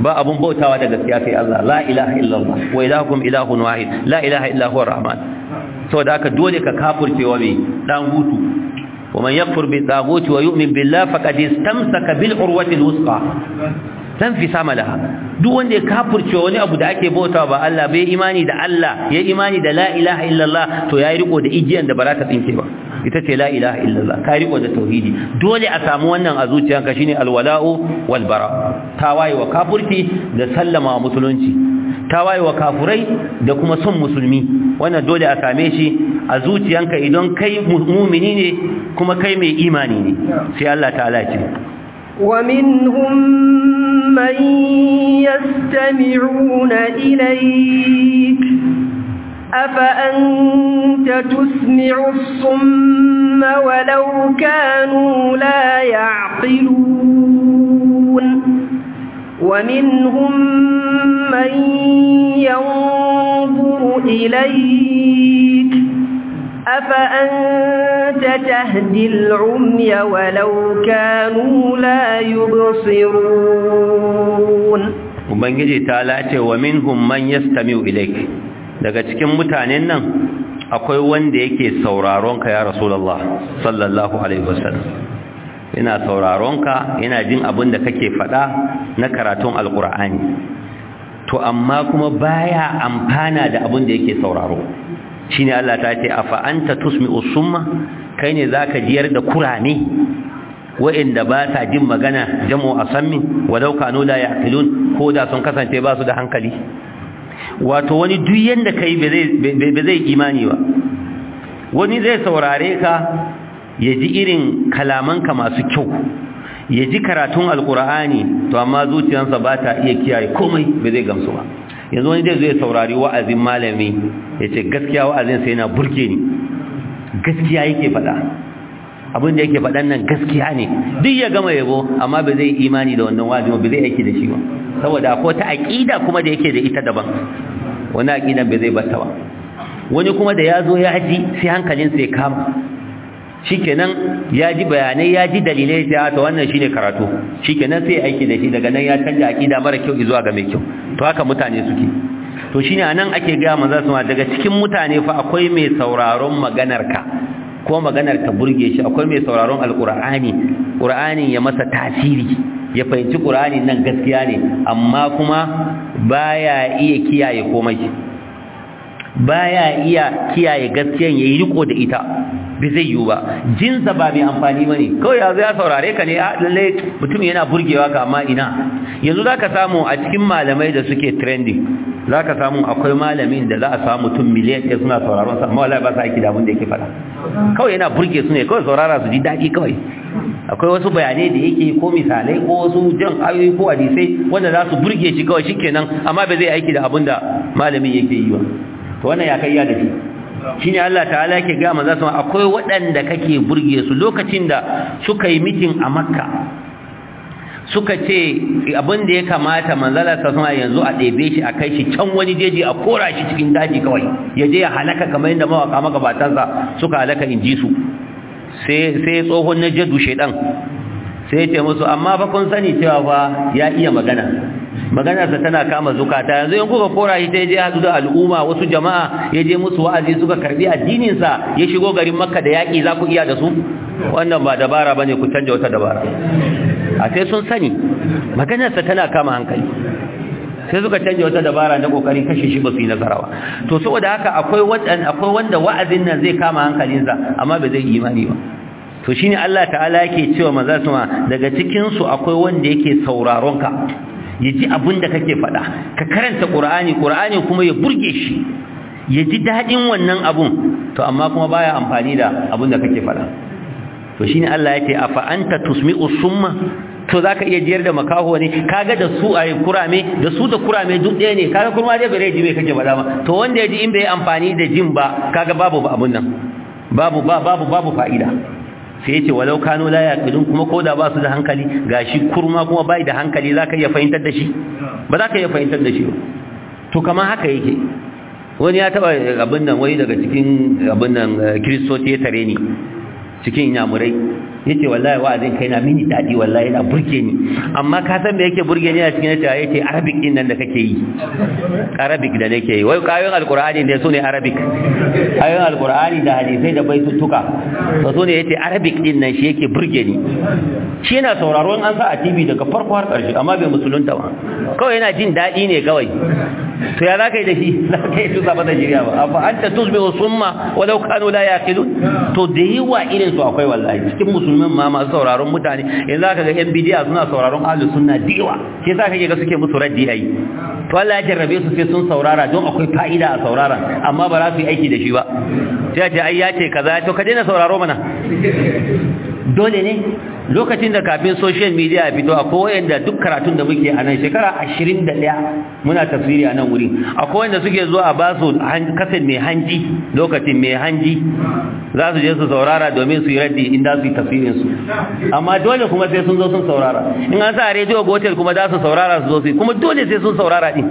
ba abun bautawa da gaskiya kai Allah la ilaha illallah wa ilahukum ilahun wahid la ilaha illa huwa rahman saboda haka dole ka kafurce wa me dan hutu wa ومن يكفر بالطاغوت ويؤمن بالله bil استمسك بالعروة الوثقى Zan fi sama samalaha duk wanda ya kafurce wani abu da ake bauta ba Allah bai imani da Allah ya imani da la ilaha illallah to yayi riko da igiyan da barata tsinke ba ita ce la ilaha illallah ka riko da tauhidi dole a samu wannan a zuciyanka shine alwala'u wal bara tawaye wa kafirci da sallama wa musulunci tawaye wa kafurai da kuma son musulmi wannan dole a same shi a zuciyanka idan kai mu'mini ne kuma kai mai imani ne sai Allah ta'ala ce ومنهم من يستمعون إليك أفأنت تسمع الصم ولو كانوا لا يعقلون ومنهم من ينظر إليك أفأنت وتهدي العمي ولو كانوا لا يبصرون ubangiji ta lace wa minhum man yastami'u ilayk daga cikin mutanen nan akwai wanda yake sauraron ka ya rasulullah sallallahu alaihi wasallam ina sauraron ka ina jin abin da kake faɗa na karatun alqur'ani to amma kuma baya amfana da abin da yake sauraro shine Allah ta ce afa ta tusmi usumma kai ne zaka jiyar da kurame wa'inda ba ta jin magana jamo a jamu wa dauka kanu ya filun ko da sun kasance ba su da hankali wato wani duk ka yi ba zai imani ba wani zai saurare ka ya ji irin kalamanka masu kyau ya ji karatun alkur'ani to amma zuciyarsa ba ta iya kiyaye komai ba zai gamsu ba yanzu wani zai zo ya saurari wa'azin malami ya ce gaskiya wa'azin sai yana burke ni gaskiya yake faɗa abin da yake faɗan nan gaskiya ne duk ya gama yabo amma ba zai imani da wannan wa'azin ba zai aiki da shi ba saboda ko ta aqida kuma da yake da ita daban wani aƙidan ba zai bata ba wani kuma da ya zo ya ji sai hankalinsa ya kama shikenan ya ji bayanai ya ji dalilai a ta wannan shine karatu shikenan sai aiki da shi daga nan ya canja aqida mara kyau zuwa ga mai kyau to haka mutane suke to shine anan ake ga manzo ma daga cikin mutane fa akwai mai sauraron maganarka ko maganar ta burge shi akwai mai sauraron alqur'ani qur'ani ya masa tasiri ya fahimci qur'ani nan gaskiya ne amma kuma baya iya kiyaye komai baya iya kiyaye gaskiyan yayi riko da ita bai zai yiwu ba jinsa ba mai amfani ba ne kawai yanzu ya saurare ka ne a ah, lalle mutum yana burgewa ka amma ina yanzu za ka samu a cikin malamai da suke trending za ka samu akwai malamin da za a samu mutum miliyan ɗaya suna sauraron sa amma wallahi ba sa aiki da da yake faɗa kawai yana burge su ne kawai saurara su ji daɗi kawai akwai wasu bayanai da yake ko misalai ko wasu jan ayoyi ko hadisai wanda za su burge shi kawai shikenan amma ba zai aiki da abin da malamin yake yi ba to wannan ya kai ya da shi shine Allah ta'ala yake ga manzo sama akwai waɗanda kake burge su lokacin da suka yi mitin a makka suka ce abin da ya kamata manzala ta sama yanzu a ɗebe shi a kai shi can wani jeji a kora shi cikin daji kawai ya je ya halaka kamar yadda mawaka batansa suka halaka in ji su sai tsohon na jadu shaidan sai ya ce musu amma fa kun sani cewa fa ya iya magana maganarsa tana kama zukata yanzu 'yan kuka kora shi ta je hadu da al'umma wasu jama'a ya je musu wa'azi suka karbi addinin sa ya shigo garin makka da yaki za ku iya da su wannan ba dabara bane ku canja wata dabara a sai sun sani maganarsa tana kama hankali sai suka canja wata dabara na kokarin kashe shi ba su yi nasara ba to saboda haka akwai wanda akwai wanda wa'azin nan zai kama sa amma ba zai yi imani ba to shine Allah ta'ala yake cewa manzo daga cikin su akwai wanda yake sauraron ka ya ji abin da kake faɗa ka karanta ƙura'ani ƙura'ani kuma ya burge shi ya ji daɗin wannan abun to amma kuma baya amfani da abin da kake faɗa to ne Allah ya ce afa anta tusmi'u summa to zaka iya jiyar da makaho ne kaga da su ayi kurame da su da kurame duk ɗaya ne kaga kurma dai bare ji mai kake faɗa ba to wanda ya ji in bai amfani da jin ba kaga babu ba abun nan babu babu babu fa'ida sai yace walau kanu la yaqilun kuma ko da ba su da hankali gashi kurma kuma bai da hankali zaka iya fahimtar da shi ba zaka iya fahimtar da shi ba to kamar haka yake wani ya taba abin nan wani daga cikin abin nan eh, kristoci ya tare ni cikin yamurai ce wallahi wa'azin kai na mini dadi wallahi yana burge ni amma ka san me yake burge ni a cikin ta yace arabic din nan da kake yi arabic da nake yi wai kayan alqur'ani da sune arabic kayan alqur'ani da hadisai da bai baitutuka to sune ce arabic din nan shi yake burge ni shi yana sauraron an sa a TV daga farko har karshe amma bai musulunta ba kawai yana jin dadi ne kawai to ya za ka yi da shi za ka yi tusa ba da shirya ba amma an ta summa walau kanu la yaqilun to da yawa irin su akwai wallahi cikin musulmin ma masu sauraron mutane yanzu zaka ga yan bidiya suna sauraron ahlus sunna diwa Ke sa ka ga suke musu raddi ai to Allah ya jarrabe su sai sun saurara don akwai fa'ida a sauraron amma ba za su yi aiki da shi ba sai ya ce ai ya ce kaza to ka daina sauraro mana dole ne lokacin da kafin social media ya fito akwai yadda duk karatun da muke a nan shekara 21 muna tafsiri a nan wuri akwai wanda suke zuwa a ba su kasar mai hanji lokacin mai hanji za su je su saurara domin su yi raddi in za su yi tafsirin su amma dole kuma sai sun zo sun saurara in an sa a rediyo gotel kuma za su saurara su zo su kuma dole sai sun saurara din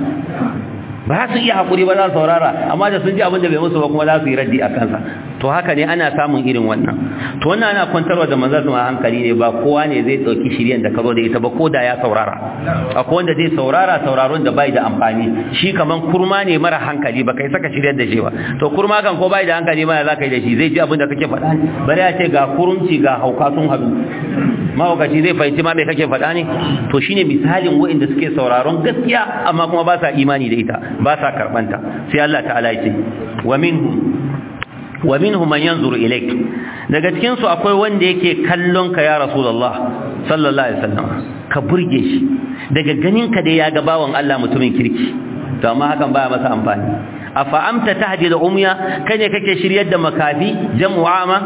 ba su iya hakuri ba za su saurara amma da sun ji abin da bai musu ba kuma za su yi raddi a kansa to haka ne ana samun irin wannan to wannan ana kwantarwa da manzon a hankali ne ba kowa ne zai dauki shiryen da kazo da ita ba koda ya saurara akwai wanda zai saurara sauraron da bai da amfani shi kaman kurma ne mara hankali ba kai saka shiryar da shi ba to kurma kan ko bai da hankali ma za ka yi da shi zai ji abin da kake faɗa ne bari a ce ga kurumci ga hauka sun haɗu mahaukaci zai fahimci ma mai kake faɗa ne to shine misalin waɗanda suke sauraron gaskiya amma kuma ba sa imani da ita ba sa karbanta sai Allah ta'ala ya ce wa minhu wa minhum man yanzuru ilayk daga cikin su akwai wanda yake kallon ka ya rasulullah sallallahu alaihi wasallam ka burge shi daga ganin ka da ya ga bawon Allah mutumin kirki to amma hakan baya masa amfani afa amta tahdi da umya kane kake shiryar da makafi jam'u'ama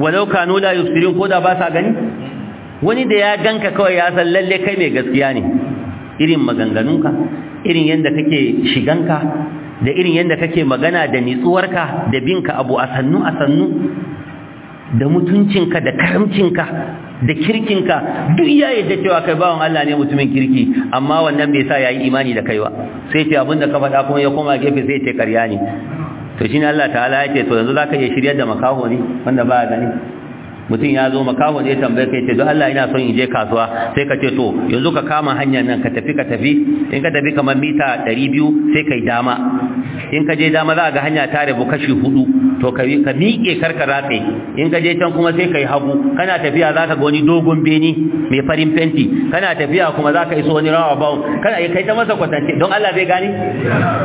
walau kanu la yusirun ko da ba sa gani wani da ya ganka kawai ya san lalle kai mai gaskiya ne irin maganganunka irin yadda kake shiganka da irin yadda kake magana da nitsuwarka da binka abu a sannu a sannu da mutuncinka da karamcinka da kirkinka duk ya da cewa kai bawan Allah ne mutumin kirki amma wannan bai sa yayi imani da kaiwa sai ce abinda ka faɗa kuma ya koma gefe sai ce karya ne to shi ne Allah ta'ala ya ce to yanzu zaka iya shiryar da makaho ne wanda ba gani mutum ya zo makaho ne tambaye kai ce don Allah ina son in je kasuwa sai ka ce to yanzu ka kama hanyar nan ka tafi ka tafi in ka tafi kamar mita 200 sai kai dama in ka je dama za ga hanya tare bu kashi hudu to ka miƙe karka ratse in ka je can kuma sai kai hagu kana tafiya za ka ga wani dogon beni mai farin fenti kana tafiya kuma za ka iso wani rawa bawon kana kai ta masa kwatance don Allah zai gane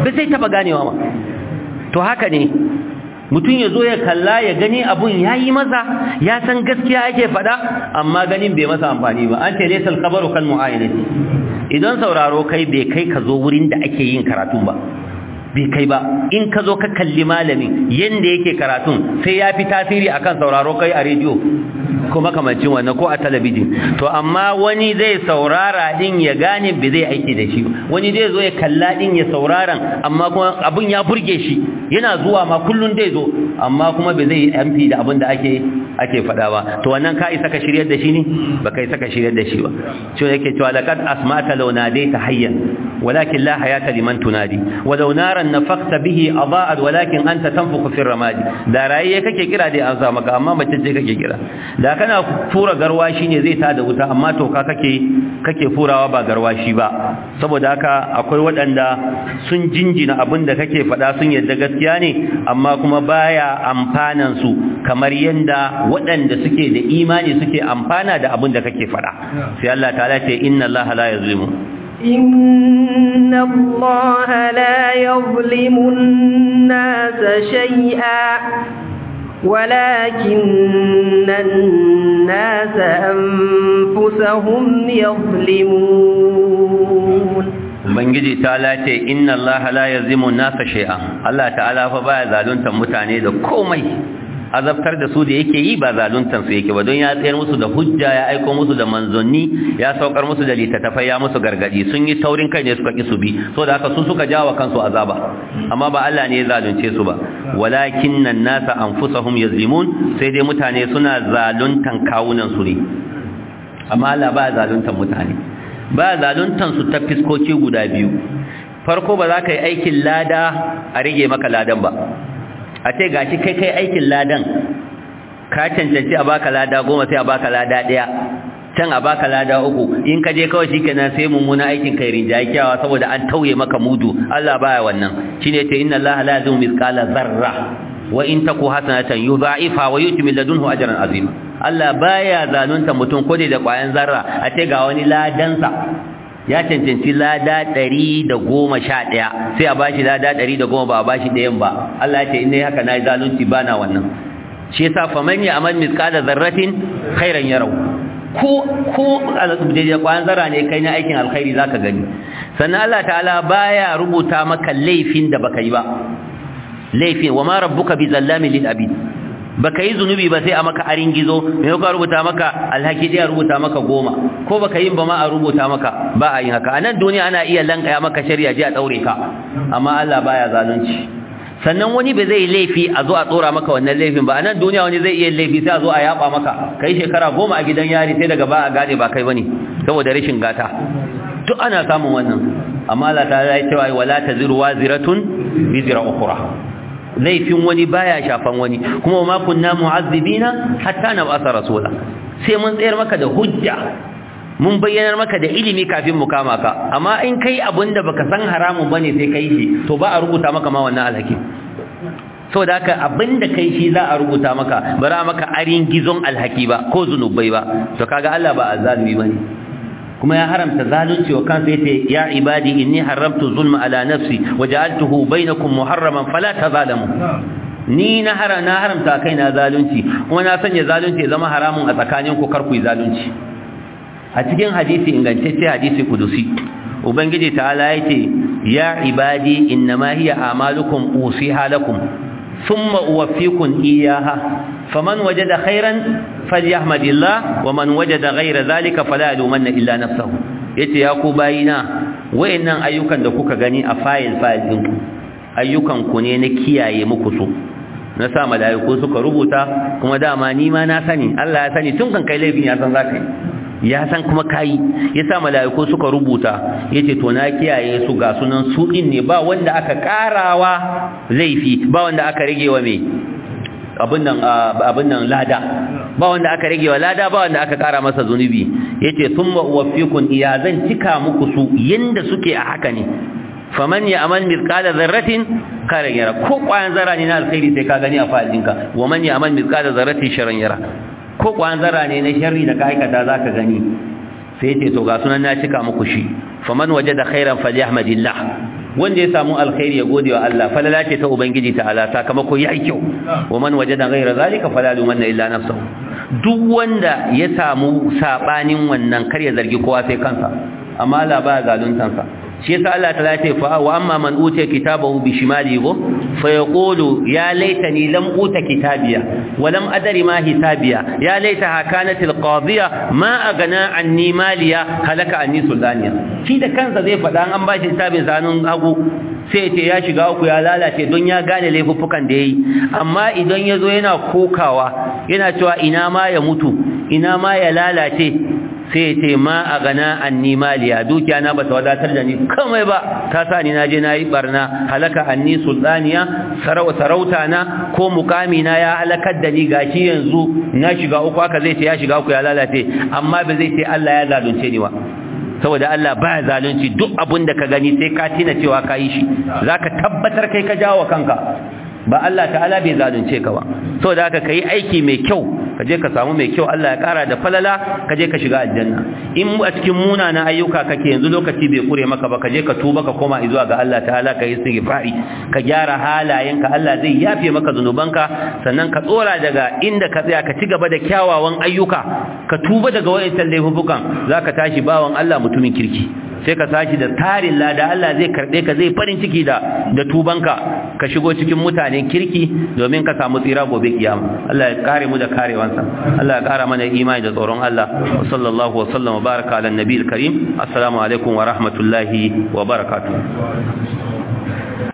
bai sai taba ganewa ma to haka ne mutum ya zo ya kalla ya gani abun ya yi maza ya san gaskiya ake faɗa amma ganin bai masa amfani ba an ce laisal kabaru kan mu'ayyana idan sauraro kai bai kai ka zo wurin da ake yin karatu ba bai kai ba in ka zo ka kalli malamin yanda yake karatun sai ya fi tasiri akan sauraro kai a rediyo ko makamancin wannan ko a talabijin to amma wani zai saurara din ya gane bai zai aiki da shi wani zai zo ya kalla din ya sauraran amma kuma abun ya burge shi yana zuwa ma kullun zai zo amma kuma bai zai amfi da abin da ake ake faɗa ba to wannan ka isa ka shiryar da shi ne ba ka isa ka shiryar da shi ba cewa yake cewa laqad asma'ta dai ta hayyan walakin la hayata liman tunadi wa law naran an nafakta bihi adha'at walakin anta tanfuku fi ramadi da raye kake kira dai an maka amma mace ce kake kira da kana fura garwashi ne zai ta da wuta amma toka kake kake furawa ba garwashi ba saboda haka akwai waɗanda sun jinjina abin da kake faɗa sun yadda gaskiya ne amma kuma baya amfanan su kamar yanda waɗanda suke da imani suke amfana da abinda da kake faɗa sai Allah ta'ala ce inna Allah la yazlimu إن الله لا يظلم الناس شيئا ولكن الناس أنفسهم يظلمون Ubangiji ta lace inna Allah la yazimu nasa shay'an Allah ta'ala fa baya zalunta mutane da komai azabtar da su da yake yi ba zaluntan su yake ba don ya tsayar musu da hujja ya aiko musu da manzanni ya saukar musu da littattafai ya musu gargadi sun yi taurin kai ne suka ki su bi so da haka su suka jawa kansu azaba amma ba Allah ne ya zalunce su ba walakin nan nasa anfusahum yazlimun sai dai mutane suna zaluntan kawunan su ne amma Allah ba zaluntan mutane ba zaluntan su ta fiskoki guda biyu farko ba za ka yi aikin lada a rage maka ladan ba a ce shi kai kai aikin ladan ka cancanci a baka lada goma sai a baka lada daya can a baka lada uku in ka je kawai shi kenan sai mummuna aikin kai rinjaye saboda an tauye maka mudu Allah baya wannan shine ce inna Allah la yazimu mithqala zarra wa in taku hasanatan yudha'ifa wa yu'ti ladunhu ajran azima Allah baya zalunta mutum kodai da kwayan zarra a ce ga wani ladansa ya cancanci lada ɗari da goma sha ɗaya sai a bashi lada ɗari da goma ba a bashi ɗayan ba Allah ya ce in ne haka na yi zalunci ba na wannan shi yasa man ya amal misqala zarratin khairan yarau ko ko da kwayan zara ne kai na aikin alkhairi zaka gani sannan Allah ta'ala baya rubuta maka laifin da baka yi ba laifin wa ma rabbuka bi zallamin lil abid baka yi zunubi ba sai a maka arin gizo me yau ka rubuta maka alhaki dai a rubuta maka goma ko baka yi ba ma a rubuta maka ba a yin haka a nan duniya ana iya lankaya maka shari'a ji a daure ka amma Allah baya zalunci sannan wani ba zai laifi a zo a tsora maka wannan laifin ba a nan duniya wani zai iya laifi sai a zo a yaba maka kai shekara goma a gidan yari sai daga ba a gane ba kai bane saboda rashin gata duk ana samun wannan amma Allah ta yi cewa wala taziru waziratun bizra ukhra laifin wani baya shafan wani kuma ma kunna mu'azzibina hatta na nab'atha rasula sai mun tsayar maka da hujja mun bayyanar maka da ilimi kafin mu kama ka amma in kai abinda baka san haramun bane sai kai shi to ba a rubuta maka ma wannan alhaki so da haka abinda kai shi za a rubuta maka ba maka arin gizon alhaki ba ko zunubai ba to kaga Allah ba azzalimi bane kuma ya haramta zalunci wa kansa yace ya ibadi inni haramtu zulma ala nafsi wa ja'altuhu bainakum muharraman fala tazalamu ni na hara na haramta kaina zalunci kuma na sanya zalunci ya zama haramun a tsakanin ku karku zalunci a cikin hadisi ingantacce hadisi kudusi ubangiji ta'ala yace ya ibadi inna ma hiya amalukum usiha lakum ثم أوفيكم إياها فمن وجد خيرا فليحمد الله ومن وجد غير ذلك فلا يلومن إلا نفسه yace ya ku bayina wayannan ayyukan da kuka gani a file file din ayyukan ku ne na kiyaye muku su na sa malaiku suka rubuta kuma dama ni ma na sani Allah ya sani tun kan kai laifin ya san zaka ya san kuma kayi sa mala'iku suka rubuta yace to na kiyaye su ga sunan su din ne ba wanda aka karawa laifi ba wanda aka rage wa me abin nan lada ba wanda aka rage wa lada ba wanda aka kara masa zunubi yace thumma uwaffiqun iya zan cika muku su yanda suke a haka ne faman ya aman mithqala dharratin karan yara ko kwayan zara ne na alkhairi sai ka gani a fa'alinka wa man ya aman mithqala dharratin sharan yara ko kwan zara ne na sharri da ka aikata zaka gani sai ce to ga sunan na cika muku shi faman wajada khairan falyahmadillah wanda ya samu alkhairi ya gode wa Allah falala ce ta ubangiji ta'ala sakamako yayi kyau wa man wajada ghaira zalika fala lumanna illa nafsuhu duk wanda ya samu sabanin wannan kar ya zargi kowa sai kansa amma la ba zaluntansa shi yasa Allah ta lati fa wa amma man uta kitabahu bi go fa yaqulu ya laitani lam uta kitabiya wa lam adri ma hisabiya ya laita kanat alqadhiya ma agana anni maliya halaka anni sultaniya shi da kansa zai faɗa an bashi tabin zanun hagu sai ce ya shiga uku ya lalace don ya gane laifuffukan da yayi amma idan yazo yana kokawa yana cewa ina ma ya mutu ina ma ya lalace sai ce ma a gana anni maliya dukiya na bata wadatar da ni kamai ba ta sa ni naje nayi barna halaka anni sultaniya sarauta na ko mukami na ya halakar da ni gashi yanzu na shiga uku aka zai ce ya shiga uku ya lalace amma ba zai ce Allah ya zalunce ni ba saboda Allah baya zalunci duk abin da ka gani sai ka tina cewa ka yi shi zaka tabbatar kai ka jawo kanka ba Allah ta'ala bai zalunce ka ba so da haka kai aiki mai kyau ka je ka samu mai kyau Allah ya kara da falala ka je ka shiga aljanna in a cikin munanan ayyuka kake yanzu lokaci bai kure maka ba ka je ka tuba ka koma zuwa ga Allah ta'ala ka yi istighfari ka gyara halayenka Allah zai yafe maka zanubanka sannan ka tsora daga inda ka tsaya ka ci gaba da kyawawan ayyuka ka tuba daga wayancan laifukan zaka tashi bawan Allah mutumin kirki sai ka tashi da tarin lada Allah zai karɓe ka zai farin ciki da da tubanka ka shigo cikin mutanen kirki domin ka samu tsira gobe kiyama Allah ya kare mu da karewansa Allah ya kara mana imani da tsoron Allah sallallahu wa sallama baraka ala nabiyil karim assalamu alaikum wa rahmatullahi wa barakatuh